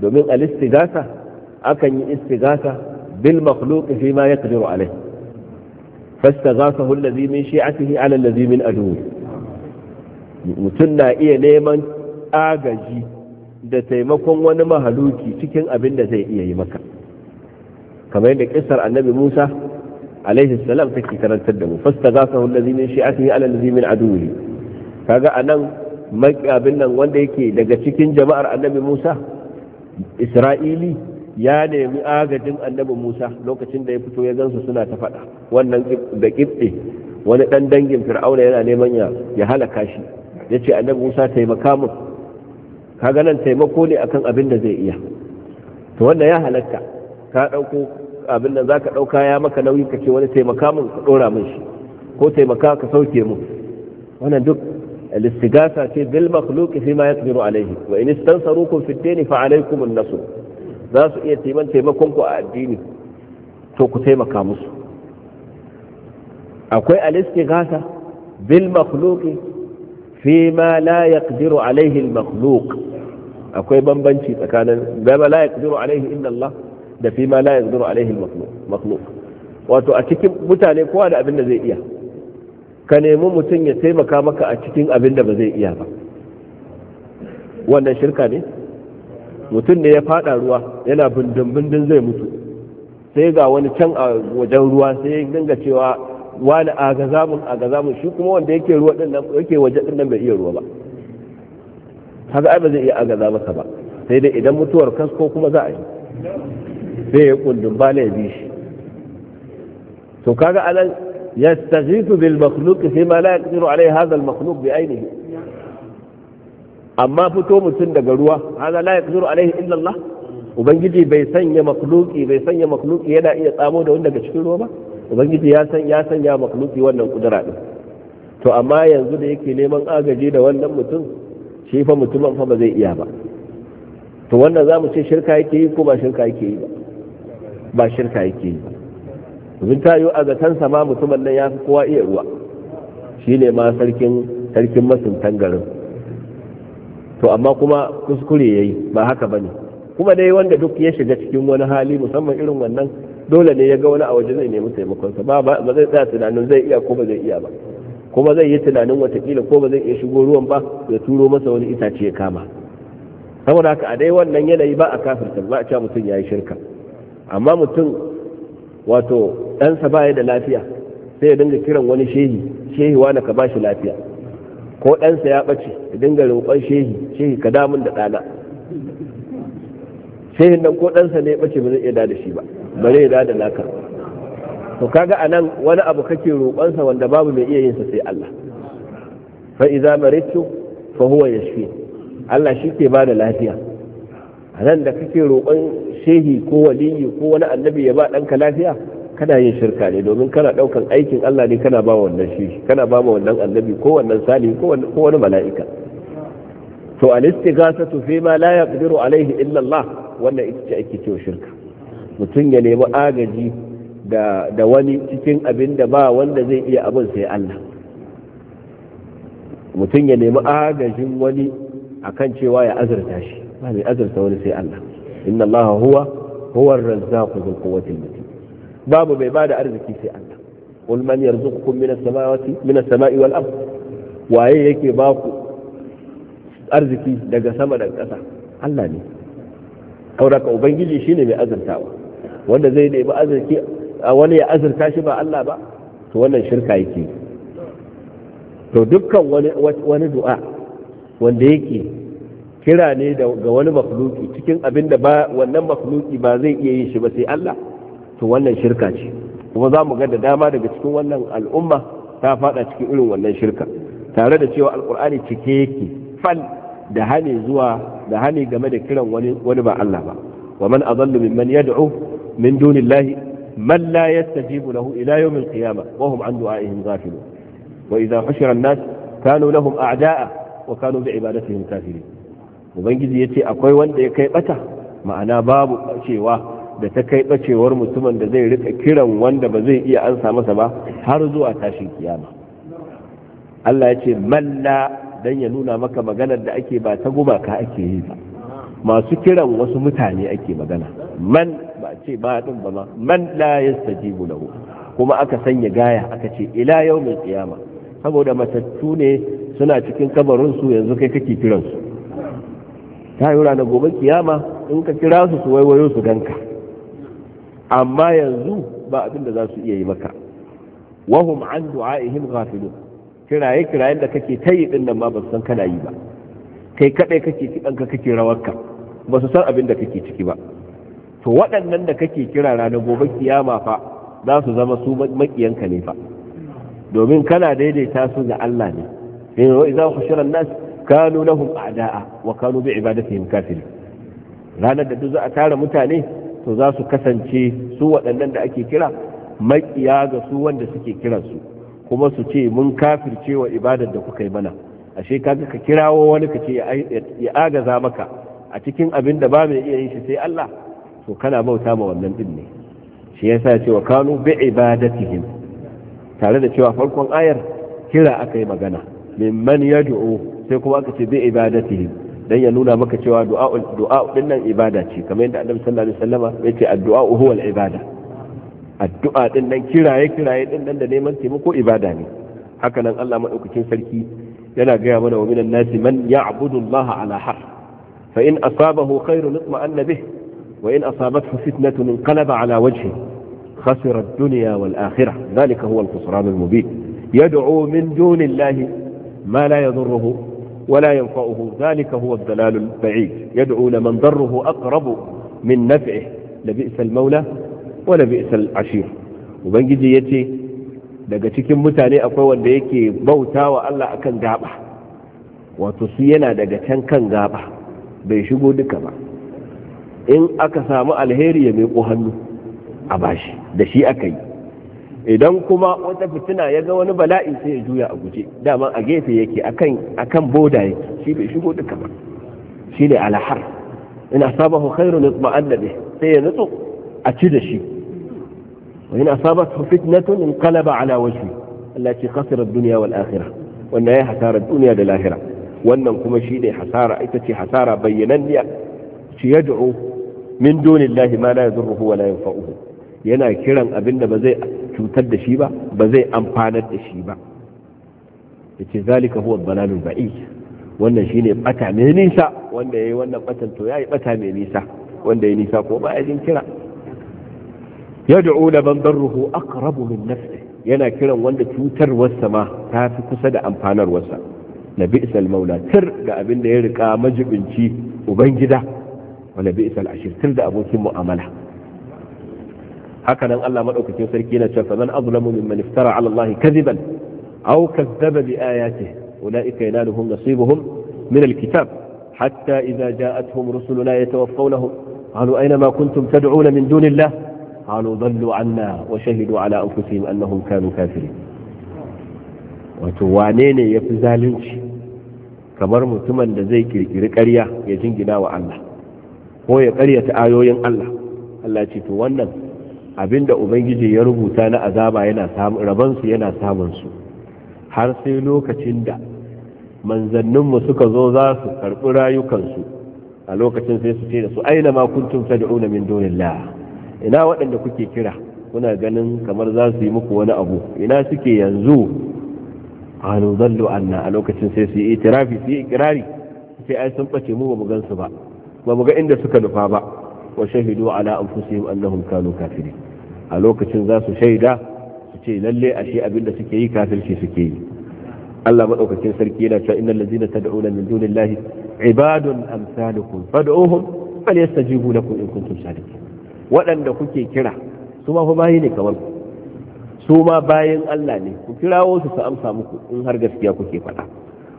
domin alistigasa akan yi istigasa bil makhluq fi ma yaqdiru alaihi fastaghasahu allazi min shi'atihi ala allazi min aduwi mutum na iya neman agaji da taimakon wani mahaluki cikin abin da zai iya yi maka kamar yadda kissar annabi Musa alaihi salam take karantar da mu fasta za fastaghasahu allazi min shi'atihi ala allazi min aduwihi kaga anan abin nan wanda yake daga cikin jama'ar annabi Musa Isra'ili ya nemi agajin annabi Musa lokacin da ya fito ya gansu suna ta faɗa wannan da kibbe wani dan dangin fir'auna yana neman ya ya halaka shi yace annabi Musa taimaka mu kaga nan taimako ne akan abin da zai iya to wannan ya halatta ka ɗauko abin da za ka ɗauka ya maka nauyi ka ce wani taimaka mun ɗora min shi ko taimaka ka sauke mu wannan duk al-istigasa ce bil makhluq fi ma yasbiru alayhi wa in istansarukum fi dini fa alaykum an-nasr iya taimakon ku a addini to ku taimaka musu akwai al-istigasa bil makhluq fi ma la yaqdiru alayhi al-makhluq akwai bambanci tsakanin bama la yaqdiru alayhi inna Allah da fi ma la zuru alaihi makhluq wato a cikin mutane kowa da abin da zai iya ka nemi mutum ya taimaka maka a cikin abin da ba zai iya ba wannan shirka ne mutum ne ya fada ruwa yana bindin-bindin zai mutu sai ga wani can a wajen ruwa sai ya dinga cewa wani agazamun agazamun shi kuma wanda yake ruwa din nan yake waje din nan bai iya ruwa ba haka ai ba zai iya agaza maka ba sai dai idan mutuwar kasko kuma za a yi sai ya kundin ba ya bi shi to kaga alal yastaghithu bil makhluq fi ma la yaqdiru alayhi hadha al makhluq bi ainihi amma fito mutum daga ruwa hadha la yaqdiru alayhi illa Allah ubangiji bai sanya makhluqi bai sanya makhluqi yana iya tsamo da wanda daga cikin ruwa ba ubangiji ya san ya sanya makhluqi wannan kudura din to amma yanzu da yake neman agaji da wannan mutum shi fa mutumin fa ba zai iya ba to wannan zamu ce shirka yake yi ko ba shirka yake yi ba ba shirka yake yi domin ta yi a zatansa sama mutumin nan ya fi kowa iya ruwa shi ne ma sarkin sarkin masuntan garin to amma kuma kuskure ya yi ba haka ba ne kuma dai wanda duk ya shiga cikin wani hali musamman irin wannan dole ne ya ga wani a waje zai nemi taimakonsa ba ba zai tsaya tunanin zai iya ko ba zai iya ba kuma zai yi tunanin watakila ko ba zai iya shigo ruwan ba ya turo masa wani itace ya kama saboda haka a dai wannan yanayi ba a kafirta ba a cewa mutum ya yi shirka amma mutum wato ɗansa baya da lafiya sai ya dinga kiran wani shehi shehi wani ka bashi lafiya ko ɗansa ya ɓace ya dinga roƙon shehi shehi ka damun da ɗana shehin nan ko ɗansa ne ya ɓace ba zai iya da shi ba bare ya da naka to kaga anan wani abu kake roƙonsa wanda babu mai iya yin sa sai Allah fa iza maritu fa huwa yashfi Allah shi ke bada lafiya ran da kake roƙon shehi ko waliyi ko wani annabi ya ba ɗanka lafiya kana yin shirka ne domin kana ɗaukan aikin Allah ne kana ba wannan shehi kana ba ma wannan annabi ko wannan salihu ko wani mala'ika to al istighasatu fi ma la yaqdiru alayhi illa Allah wannan ita ce ake cewa shirka mutum ya nemi agaji da da wani cikin abin da ba wanda zai iya abin sai Allah mutum ya nemi agajin wani akan cewa ya azurta shi ba mai azurta wani sai Allah inna Allah huwa huwa ar-razzaqu dhul quwwati matin babu mai bada arziki sai Allah qul man yarzuqukum min as-samawati wal ard waye yake ba ku arziki daga sama da ƙasa Allah ne kauraka ubangiji shine mai azurtawa wanda zai nemi azurki a wani ya azurta shi ba Allah ba to wannan shirka yake to dukkan wani wani du'a wanda yake kira ne ga wani makhluki cikin abin da wannan makhluki ba zai iya yin shi ba sai Allah to wannan shirka ce kuma za mu ga da dama daga cikin wannan al'umma ta fada cikin irin wannan shirka tare da cewa alkur'ani cike yake fal da hane zuwa da hane game da kiran wani wani ba Allah ba wa man ya mimman yad'u min dunillahi man la yastajibu lahu ila yawm al wa hum an du'a'ihim ghafilun wa idha hushira an-nas kanu lahum a'da'a wa kanu bi ibadatihim kafirin ubangiji ya ce akwai wanda ya kai bata ma'ana babu cewa da ta kai bacewar mutumin da zai rika kiran wanda ba zai iya ansa masa ba har zuwa tashin kiyama Allah ya ce malla dan ya nuna maka maganar da ake ba ta gumaka ake yi ba masu kiran wasu mutane ake magana man ba ce ba din ba ma man la yastajibu lahu kuma aka sanya gaya aka ce ila yawmin kiyama. saboda matattu ne suna cikin kabarin su yanzu kai kake kiransu ta yi ranar gobe kiyama in ka kira su su waiwayo su ganka amma yanzu ba abin da za su iya yi maka wahum an du'a'ihim ghafilun kiraye kirayen da kake ta yi din nan ma ba su san kana yi ba kai kadai kake kidan ka kake rawarka ba su san abin da kake ciki ba to waɗannan da kake kira ranar gobe kiyama fa za su zama su makiyanka ne fa domin kana daidaita su ga Allah ne in Ro'i za ku shirin nas kanu lahum a'da'a wa kanu bi ibadatihim kafirin ranar da duk za a tara mutane to za su kasance su waɗannan da ake kira maƙiya ga su wanda suke kiransu kuma su ce mun kafirce wa ibadar da kuka yi mana ashe kaga ka kirawo wani ka ce ya agaza maka a cikin abin da ba mai iya yin shi sai Allah to kana bauta ma wannan din ne shi yasa ce wa kanu bi ibadatihim tare da cewa farkon ayar kira aka yi magana mimman yad'u sai kuma aka ce bi ibadatihim dan ya nuna maka cewa du'a du'a dinnan ibada ce kamar yadda annabi sallallahu alaihi wasallama ya ce addu'a huwa al-ibada addu'a dinnan kiraye kiraye dinnan da neman taimako ibada ne haka nan Allah madaukakin sarki yana gaya mana wa minan nasi man ya'budu Allah ala har fa in asabahu khairun itma'anna bih wa in asabathu fitnatun inqalaba ala wajhi khasira ad-dunya wal akhirah dhalika huwa al-khusran al-mubin yad'u min duni ma la yadhurruhu ولا ينفعه ذلك هو الضلال البعيد يدعو لمن ضره أقرب من نفعه لبئس المولى ولبئس العشير وبنجي يتي daga cikin mutane akwai wanda yake bauta wa Allah akan gaba wato su yana daga can kan gaba bai shigo duka ba in aka samu alheri ya mai ko hannu a bashi da shi aka yi idan kuma wata fitina ya ga wani bala'i sai ya juya a guje dama a gefe yake akan akan boda yake shi bai shigo duka ba shi ne alahar ina sabahu khairun yutma'anna bih sai ya nutsu a ci da shi wa ina sabathu fitnatun inqalaba ala wajhi Allah ce khasira ad-dunya wal akhirah wannan ya hasara duniya da lahira wannan kuma shi ne hasara ita ce hasara bayyananniya shi yad'u min dunillahi ma la yadurruhu wa la yanfa'uhu yana kiran abinda ba zai cutar da shi ba ba zai amfanar da shi ba yace zalika huwa dalalul ba'i wannan shine bata mai nisa wanda yayi wannan batan to yi bata mai nisa wanda yayi nisa ko ba ya jin kira yad'u laban darruhu aqrabu min nafsi yana kiran wanda cutar wasa ma ta fi kusa da amfanar wasa na bi'sal maula tir da abin da ya rika majibinci ubangida wala bi'sal ashir tir da abokin mu'amala haka nan Allah maɗaukakin sarki na cewa faman azlamu mimman iftara ala Allah kadiban aw kadzaba bi ayatihi ulaika yanaluhum nasibuhum min alkitab حتى إذا جاءتهم رسلنا يتوفونهم قالوا أين ما كنتم تدعون من دون الله قالوا ضلوا عنا وشهدوا على Wato wane ne ya fi zalunci? kamar mutumin da zai kirkiri ƙarya ya jingina wa Allah ko ya ƙaryata ayoyin Allah Allah ce to wannan abinda ubangiji ya rubuta na azaba yana samun rabansu yana samun su har sai lokacin da manzanninmu suka zo za su karɓi rayukansu a lokacin sai su ce da su aina ma kuntum tad'una min dunillah ina waɗanda kuke kira kuna ganin kamar za su yi muku wani abu ina suke yanzu qalu anna a lokacin sai su yi itirafi su yi ikrari sai ai sun bace mu ba mu gansu ba ba mu ga inda suka nufa ba wa shahidu ala anfusihim annahum kanu kafirin a lokacin za su shaida su ce lalle ashe abin da suke yi kafirci suke yi Allah maɗaukacin sarki yana cewa innal ladzina tad'una min dunillahi ibadun amsalukum fad'uhum falyastajibu lakum in kuntum sadiqin waɗanda kuke kira su ma fa bayi ne kamar ku su ma bayan Allah ne ku kirawo su su amsa muku in har gaskiya kuke faɗa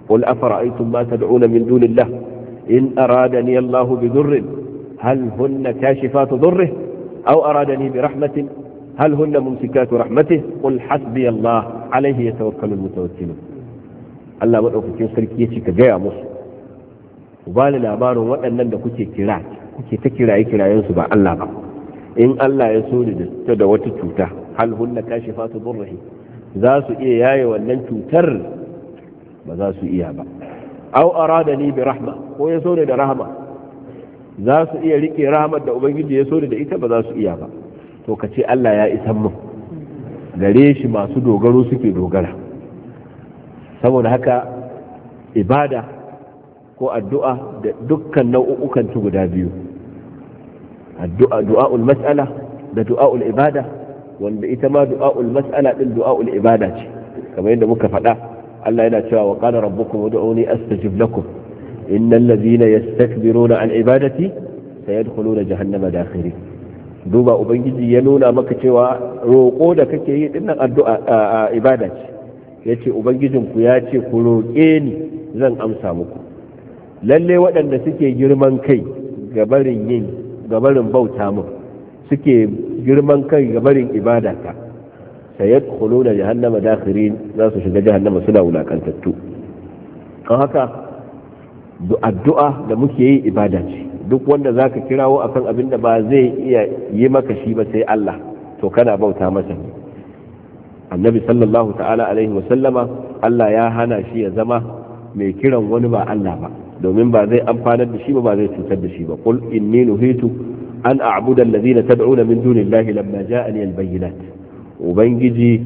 qul afara'aytum ma tad'una min dunillah in aradani Allah bi dhurrin hal hunna kashifatu dhurrihi أو أرادني برحمة هل هن ممسكات رحمته قل حسبي الله عليه يتوكل المتوكلون Allah maɗaukakin sarki ya cika gaya musu ku bani labarin waɗannan da kuke kira kuke ta kiraye kirayensu ba Allah ba in Allah ya so da da wata cuta hal hunna kashifatu durrihi za su iya yaye wannan cutar ba za su iya ba bi rahma ko ya so da rahma za su iya riƙe rahamar da ubangiji ya so da ita ba za su iya ba to ka ce Allah ya isan mu gare shi masu dogaro suke dogara saboda haka ibada ko addu'a da dukkan nau'ukan su guda biyu addu'a du'a'ul mas'ala da du'a'ul ibada wanda ita ma du'a'ul mas'ala din du'a'ul ibada ce kamar yadda muka faɗa Allah yana cewa wa qala rabbukum ud'uni astajib lakum innal ladhina yastakbiruna an ibadati sayadkhuluna jahannama dakhirin duba ubangiji ya nuna maka cewa roƙo da kake yi dinnan addu'a ibada ce yace ku ya ce ku roƙe ni zan amsa muku lalle waɗanda suke girman kai gabarin yin gabarin bauta mu suke girman kai barin ibada ka sayadkhuluna jahannama dakhirin za su shiga jahannama suna wulakantattu kan haka addu'a da muke yi ibada ce duk wanda zaka kirawo akan abin da ba zai iya yi maka shi ba sai Allah to kana bauta masa ne annabi sallallahu ta'ala alaihi Allah ya hana shi ya zama mai kiran wani ba Allah ba domin ba zai amfanar da shi ba ba zai cutar da shi ba qul inni nuhitu an a'budu alladhina tad'una min dunillahi lamma ja'ani albayyinat ubangiji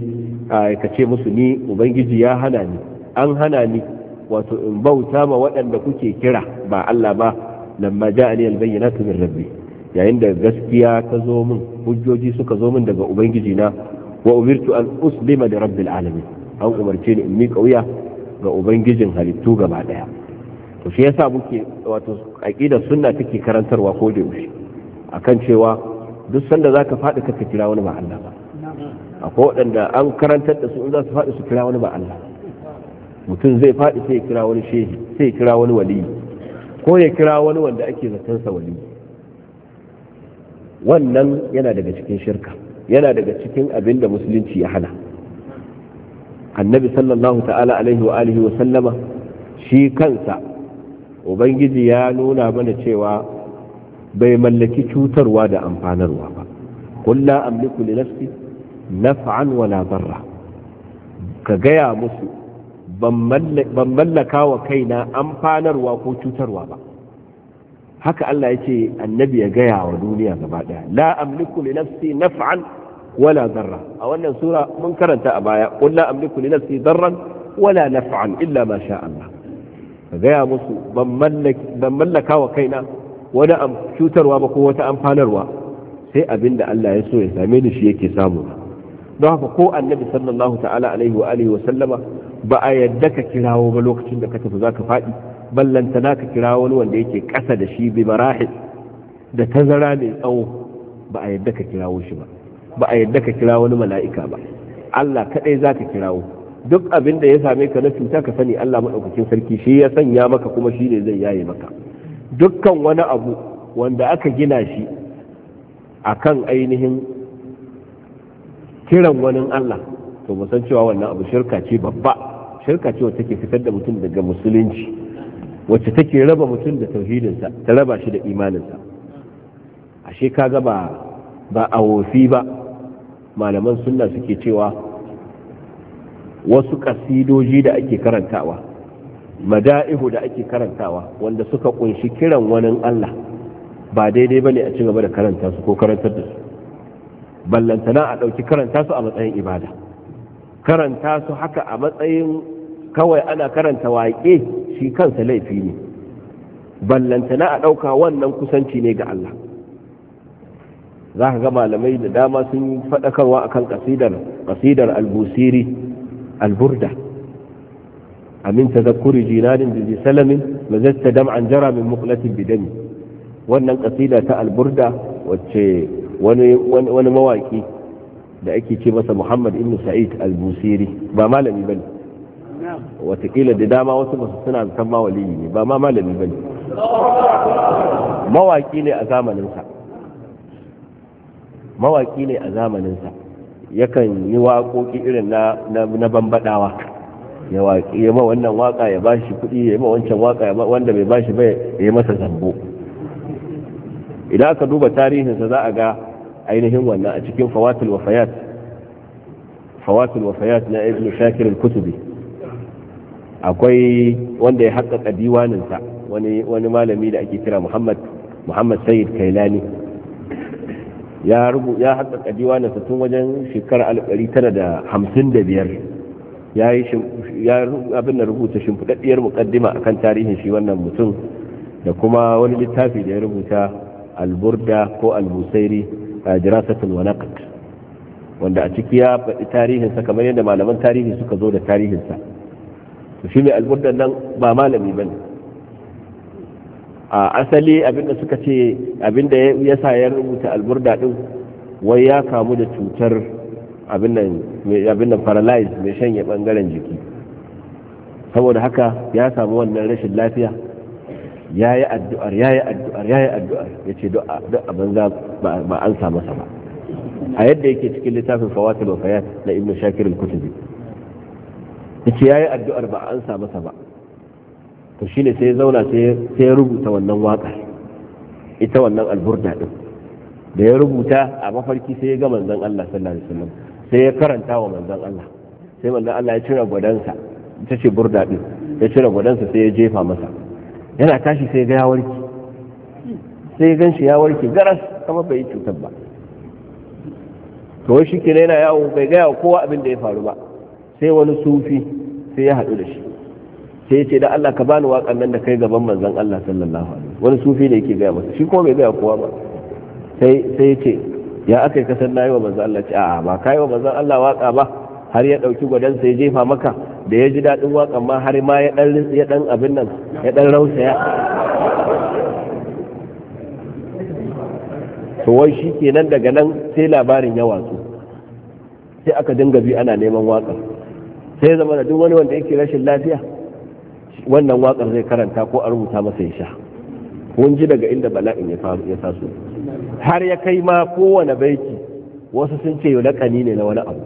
ka musu ni ubangiji ya hana ni an hana ni wato in bauta ma waɗanda kuke kira ba Allah ba lamma al albayyinatu min rabbi yayin da gaskiya ta zo min hujjoji suka zo min daga ubangiji na wa umirtu an uslima li rabbil alamin an umarce ni in miƙa wuya ga ubangijin halittu gaba daya to shi yasa muke wato aqidar sunna take karantarwa ko da yaushe akan cewa duk sanda zaka faɗi ka kira wani ba Allah ba akwai waɗanda an karantar da su in za su faɗi su kira wani ba Allah mutum zai faɗi sai kira wani shehi sai kira wani wali. ko ya kira wani wanda ake zatansa wali. wannan yana daga cikin shirka yana daga cikin abin da musulunci ya hana annabi sallallahu ta'ala alaihi wa alihi wa sallama shi kansa ubangiji ya nuna mana cewa bai mallaki cutarwa da amfanarwa ba kulla amliku li nafsi naf'an wala barra ka gaya musu ban mallaka wa kaina amfanarwa ko cutarwa ba haka Allah ya ce annabi ya gaya wa duniya gaba daya la amliku li nafsi naf'an wala darra a wannan sura mun karanta a baya qul la amliku li nafsi darran wala naf'an illa ma sha Allah ka gaya musu ban mallaka wa kaina wani cutarwa ba ko wata amfanarwa sai abinda Allah ya so ya same ni shi yake samu don haka ko annabi sallallahu ta'ala alaihi wa alihi wa sallama ba a yadda ka kirawo ba lokacin da ka tafi za ka faɗi ballantana ka kirawo wani wanda yake ƙasa da shi bi marahil da tazara mai tsawo ba a yadda ka kirawo shi ba ba a yadda ka kira wani mala'ika ba Allah kaɗai za ka kirawo duk abin da ya same ka na cuta ka sani Allah maɗaukakin sarki shi ya sanya maka kuma shi ne zai yaye maka dukkan wani abu wanda aka gina shi a kan ainihin kiran wani Allah to musan cewa wannan abu shirka ce babba shirka ce wacce take fitar da mutum daga musulunci wacce take raba mutum da tauhidinsa ta raba shi da imaninsa ashe kaga ba ba a wofi ba malaman sunna suke cewa wasu kasidoji da ake karantawa mada'ihu da ake karantawa wanda suka kunshi kiran wani Allah ba daidai bane a ci gaba da karanta su ko karantar da su ballantana a ɗauki karanta su a matsayin ibada karanta su haka a matsayin kawai ana karanta waƙe shi kansa laifi ne ballantana a ɗauka wannan kusanci ne ga Allah za ka ga malamai da dama sun yi faɗakarwa akan kasidar kasidar albusiri alburda amin tazakkuri jinarin da salamin mazatta dam an jara min muklatin bidami wannan ƙasida ta alburda wacce wani mawaƙi da ake ce masa muhammad ibn sa'id albusiri ba malami bane watakila da dama wasu masu suna san ma waliyi ne ba ma malami ba ne mawaki ne a zamaninsa mawaki ne a zamaninsa yakan yi waƙoƙi irin na bambaɗawa ya waƙi ya ma wannan waƙa ya bashi kuɗi ya ma wancan waƙa wanda bai bashi ba ya yi masa zambo idan aka duba tarihinsa za a ga ainihin wannan a cikin fawatul wafayat fawatul na ibn shakir al-kutubi akwai wanda ya haƙaƙa diwaninsa wani malami da ake kira Muhammad Muhammad Sayyid Kailani ya rubu ya haƙaƙa diwaninsa tun wajen shekarar 1955 ya yi ya abin da rubuta shimfiɗaɗɗiyar muƙaddima akan tarihin shi wannan mutum da kuma wani littafi da ya rubuta alburda ko albusairi a jirasatul wanaqat wanda a ciki ya faɗi tarihinsa kamar yadda malaman tarihi suka zo da tarihinsa shi mai albuddan nan ba malami ba ne a asali abinda suka ce abinda ya sa ya rubuta alburda din wai ya kamu da cutar abin paralyze mai shanye bangaren jiki saboda haka ya samu wannan rashin lafiya ya yi addu'ar ya yi addu'ar ya yi addu'ar ya ce duk a banza ba an sa masa ba a yadda yake cikin littafin fawatul wafayat na ibnu shakir al-kutubi ya yayi addu'ar ba an sa masa ba to shine sai ya zauna sai ya rubuta wannan waka ita wannan alburda din da ya rubuta a mafarki sai ya ga manzon Allah sallallahu alaihi wasallam sai ya karanta wa manzon Allah sai manzon Allah ya cire gwadansa ita ce burda din ya cire gwadansa sai ya jefa masa yana tashi sai ya ga ya warke sai ya ganshi ya warke garas kuma bai cutar ba to shi kenan yana yawo bai ga kowa abin da ya faru ba sai wani sufi sai ya haɗu da shi sai ce da Allah ka bani waƙan nan da kai gaban manzon Allah sallallahu alaihi wani sufi ne yake gaya masa shi kuma bai gaya kowa ba sai sai ya ce ya aka yi san nayi wa manzon Allah ce a'a ba kai wa manzon Allah waƙa ba har ya ɗauki sai ya jefa maka da ya ji daɗin waƙan ma har ma ya ɗan ya dan abin nan ya ɗan rausaya to wai shi kenan daga nan sai labarin ya watsu sai aka dinga bi ana neman waƙar sai zama da duk wani wanda yake rashin lafiya wannan wakar zai karanta ko a rubuta masa ya sha kun ji daga inda bala'in ya faru ya taso har ya kai ma kowane baiti wasu sun ce yulakani ne na wani abu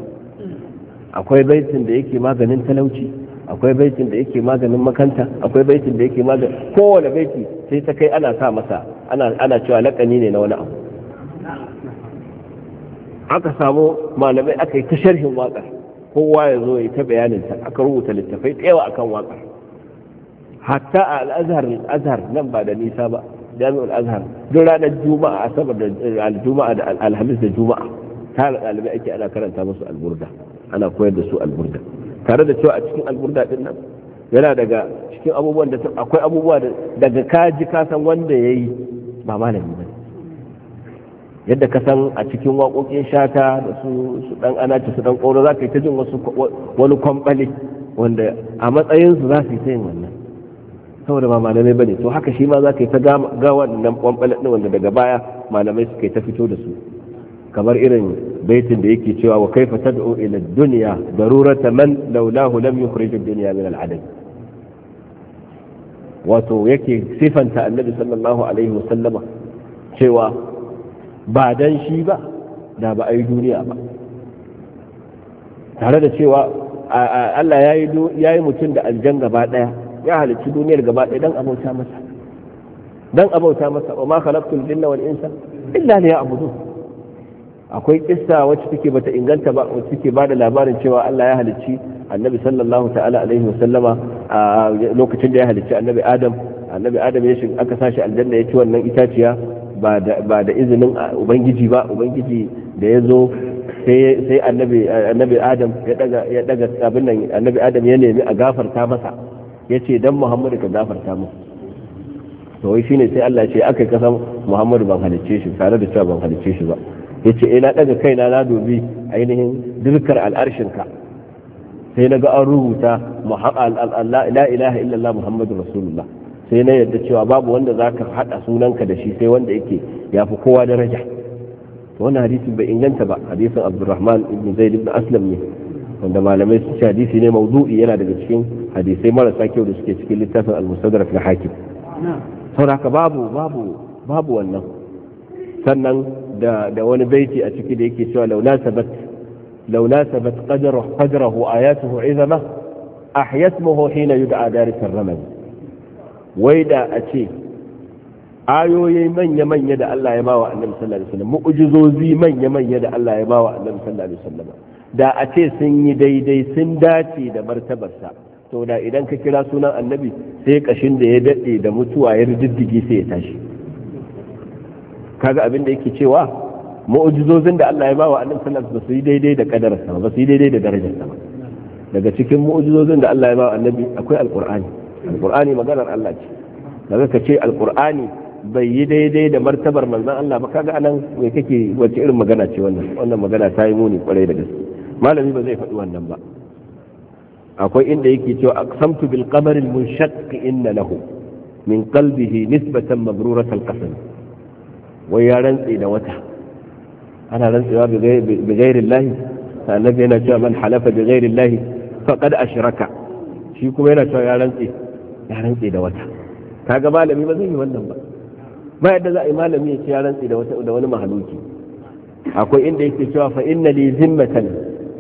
akwai baitin da yake maganin talauci akwai baitin da yake maganin makanta akwai baitin da yake maganin kowane baiti sai ta kai ana sa masa ana ana cewa lakani ne na wani abu aka samu malamai aka yi ta sharhin waƙar kowa ya zo ya ta bayaninta aka rubuta littafai da yawa akan waka hatta a al'azhar al'azhar nan ba da nisa ba jami'ul azhar duk ranar juma'a asabar da aljuma'a da alhamis da juma'a tare ɗalibai ake ana karanta musu alburda ana koyar da su alburda tare da cewa a cikin alburda din nan yana daga cikin abubuwan da akwai abubuwa daga kaji kasan wanda ya yi ba malami ba yadda ka san a cikin waƙoƙin shata da su dan anaci su dan ƙoro za ka yi ta jin wasu wani kwamɓale wanda a matsayinsu za su yi ta yin wannan saboda ba malamai bane to haka shi ma za ka yi ta ga wannan kwamɓale ɗin wanda daga baya malamai suke ta fito da su kamar irin baitin da yake cewa wa kaifa tad'u ila dunya darurata man laulahu lam yukhrij ad-dunya min al wato yake sifanta annabi sallallahu alaihi wasallama cewa ba dan shi ba da ba a yi duniya ba tare da cewa Allah ya yi mutum da aljan gaba ɗaya ya halicci duniyar gaba ɗaya don abauta masa don abauta masa wa ma khalaqtul jinna wal insa illa ya abudu. akwai kissa wacce take bata inganta ba wacce take bada labarin cewa Allah ya halicci annabi sallallahu ta'ala alaihi wa sallama a lokacin da ya halicci annabi Adam annabi Adam ya shiga aka sashi aljanna ya ci wannan itaciya ba da izinin ubangiji ba ubangiji da ya zo sai annabi adam ya daga abin nan annabi adam ya nemi a gafarta masa ya ce don muhammadu ka gafarta masa, to wai shine sai allah ce aka kasan muhammadu ban halicce shi tare da cewa ban halicce shi ba ya ce ina eh, daga kaina na dubi ainihin dukkan al'arshinka sai na ga an rubuta la ilaha illallah muhammadu rasulullah sai na yadda cewa babu wanda za ka haɗa sunanka da shi sai wanda yake ya fi kowa daraja wani hadisin bai inganta ba hadisin abdurrahman ibn zaid ibn aslam ne wanda malamai sun ce hadisi ne maudu'i yana daga cikin hadisai marasa kyau da suke cikin littafin al-mustadrak na hakim sauraka babu babu babu wannan sannan da da wani baiti a ciki da yake cewa laula sabat laula sabat qadra qadruhu ayatuhu izama ahyasmuhu hina yud'a daris ar-ramadi wai da a ce ayoyi manya-manya da Allah ya bawa annabi sallallahu alaihi wasallam mu'jizozi manya-manya da Allah ya bawa annabi sallallahu alaihi wasallam da a ce sun yi daidai sun dace da sa to da idan ka kira sunan annabi sai kashin da ya dade da mutuwa ya diddige sai ya tashi kaga abin da yake cewa mu'jizozin da Allah ya bawa annabi sallallahu alaihi wasallam ba su yi daidai da sa ba su yi daidai da darajarsa ba daga cikin mu'jizozin da Allah ya bawa annabi akwai alqur'ani alqur'ani maganar Allah ce daga ka ce alqur'ani bai yi daidai da martabar manzon Allah ba kaga anan me kake wace irin magana ce wannan wannan magana ta yi muni kwarai da gaske malami ba zai faɗi wannan ba akwai inda yake cewa aqsamtu bil qamar al munshaq inna lahu min qalbihi nisbatan mabrurat al qasam wai ya rantsi da wata ana rantsewa bi ghairi llahi annabi yana cewa man halafa bi ghairi llahi faqad ashraka shi kuma yana cewa ya rantsi ya rantse da wata kaga malami ba zai yi wannan ba ba yadda za a yi malami ya ce ya rantse da wata da wani mahaluki akwai inda yake cewa fa inna li zimmatan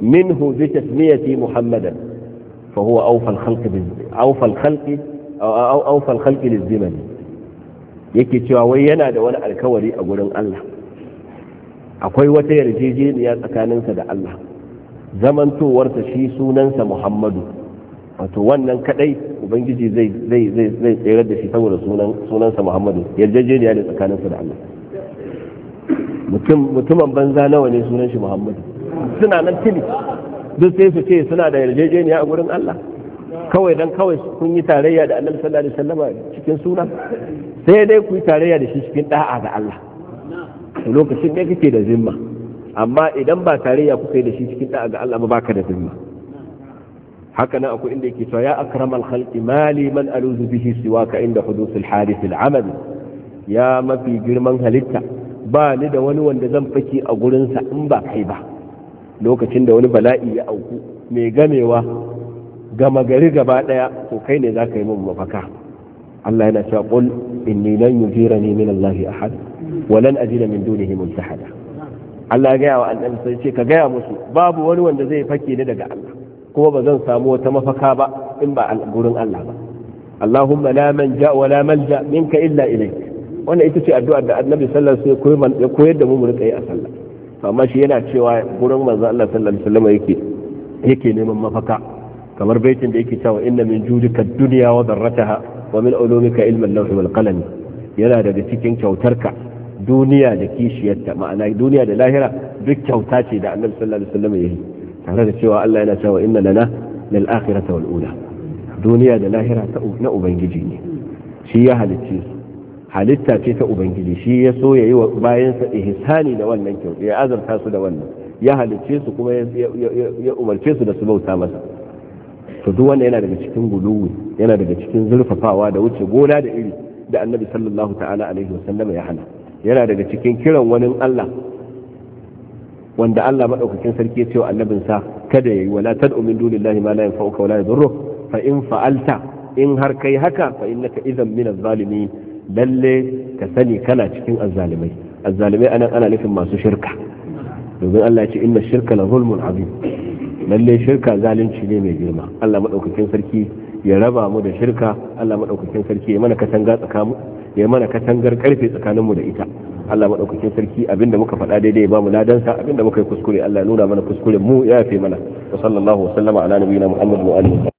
minhu bi tasmiyati muhammadan fa huwa awfal khalqi bi awfal khalqi aw awfal khalqi lizimani yake cewa wai yana da wani alkawari a gurin Allah akwai wata yarjejeniya tsakaninsa da Allah zamantowarsa shi sunansa Muhammadu wato wannan kadai ubangiji zai zai zai zai tsere da shi saboda sunan sunansa Muhammadu yarjejeniya ne tsakaninsa da Allah mutum mutumin banza nawa ne sunan shi Muhammadu suna nan tili duk sai su ce suna da yarjejeniya a gurin Allah kawai dan kawai kun yi tarayya da Annabi sallallahu alaihi wasallama cikin suna sai dai ku yi tarayya da shi cikin da'a ga Allah lokacin ne kake da zimma amma idan ba tarayya kuka yi da shi cikin da'a ga Allah ba baka da zimma haka nan akwai inda yake cewa ya akramal khalqi mali man aluzu bihi ka inda hudusul hadith al-amal ya mafi girman halitta ba ni da wani wanda zan fake a gurin sa in ba kai ba lokacin da wani bala'i ya auku mai gamewa gama gari gaba daya ko kai ne za yi min mafaka Allah yana cewa qul inni lan yujirani min Allah ahad wa lan ajida min dunihi multahada Allah ya ga wa annabi sai ce ka ga musu babu wani wanda zai fake ni daga Allah kuma ba zan samu wata mafaka ba in ba gurin Allah ba Allahumma la man ja wa la man ja. minka illa ilayk wannan ita ce addu'ar da Annabi sallallahu alaihi wasallam ya koyar da mu mu rika yi a sallah amma shi yana cewa gurin manzo Allah sallallahu alaihi wasallam yake yake neman mafaka kamar baitin da yake cewa inna min judika dunya wa darrataha wa min ulumika ilma al-lawh wal qalam yana daga cikin kyautarka duniya da kishiyarta ma'ana duniya da lahira duk kyauta ce da Annabi sallallahu alaihi wasallam ya yi tare da cewa Allah yana cewa inna lana lil akhirati wal ula duniya da lahira na ubangiji ne shi ya halicce su halitta ce ta ubangiji shi ya so yayi wa bayan bayansa ihsani da wannan kyauta ya azarta su da wannan ya halicce su kuma ya umarce su da su bauta masa to duk wanda yana daga cikin guluwi yana daga cikin zurfafawa da wuce gona da iri da annabi sallallahu ta'ala alaihi wasallam ya hana yana daga cikin kiran wani Allah wanda Allah madaukakin sarki ya ce wa annabinsa kada yayi wala tad'u min dunillahi ma la yanfa'uka wala yadurruk fa in fa'alta in har kai haka fa innaka idan min az-zalimin lalle ka sani kana cikin azzalimai azzalimai anan ana nufin masu shirka domin Allah ya ce inna shirka la zulmun azim lalle shirka zalunci ne mai girma Allah madaukakin sarki ya raba mu da shirka Allah madaukakin sarki ya mana katanga tsakamu ya mana katangar karfe tsakaninmu da ita Allah madaukakin sarki abinda muka faɗa daidai ba mu ladan sa abinda muka yi kuskure Allah nuna mana kuskure mu ya yafe mana wa sallallahu wa sallama ala nabiyina Muhammad wa alihi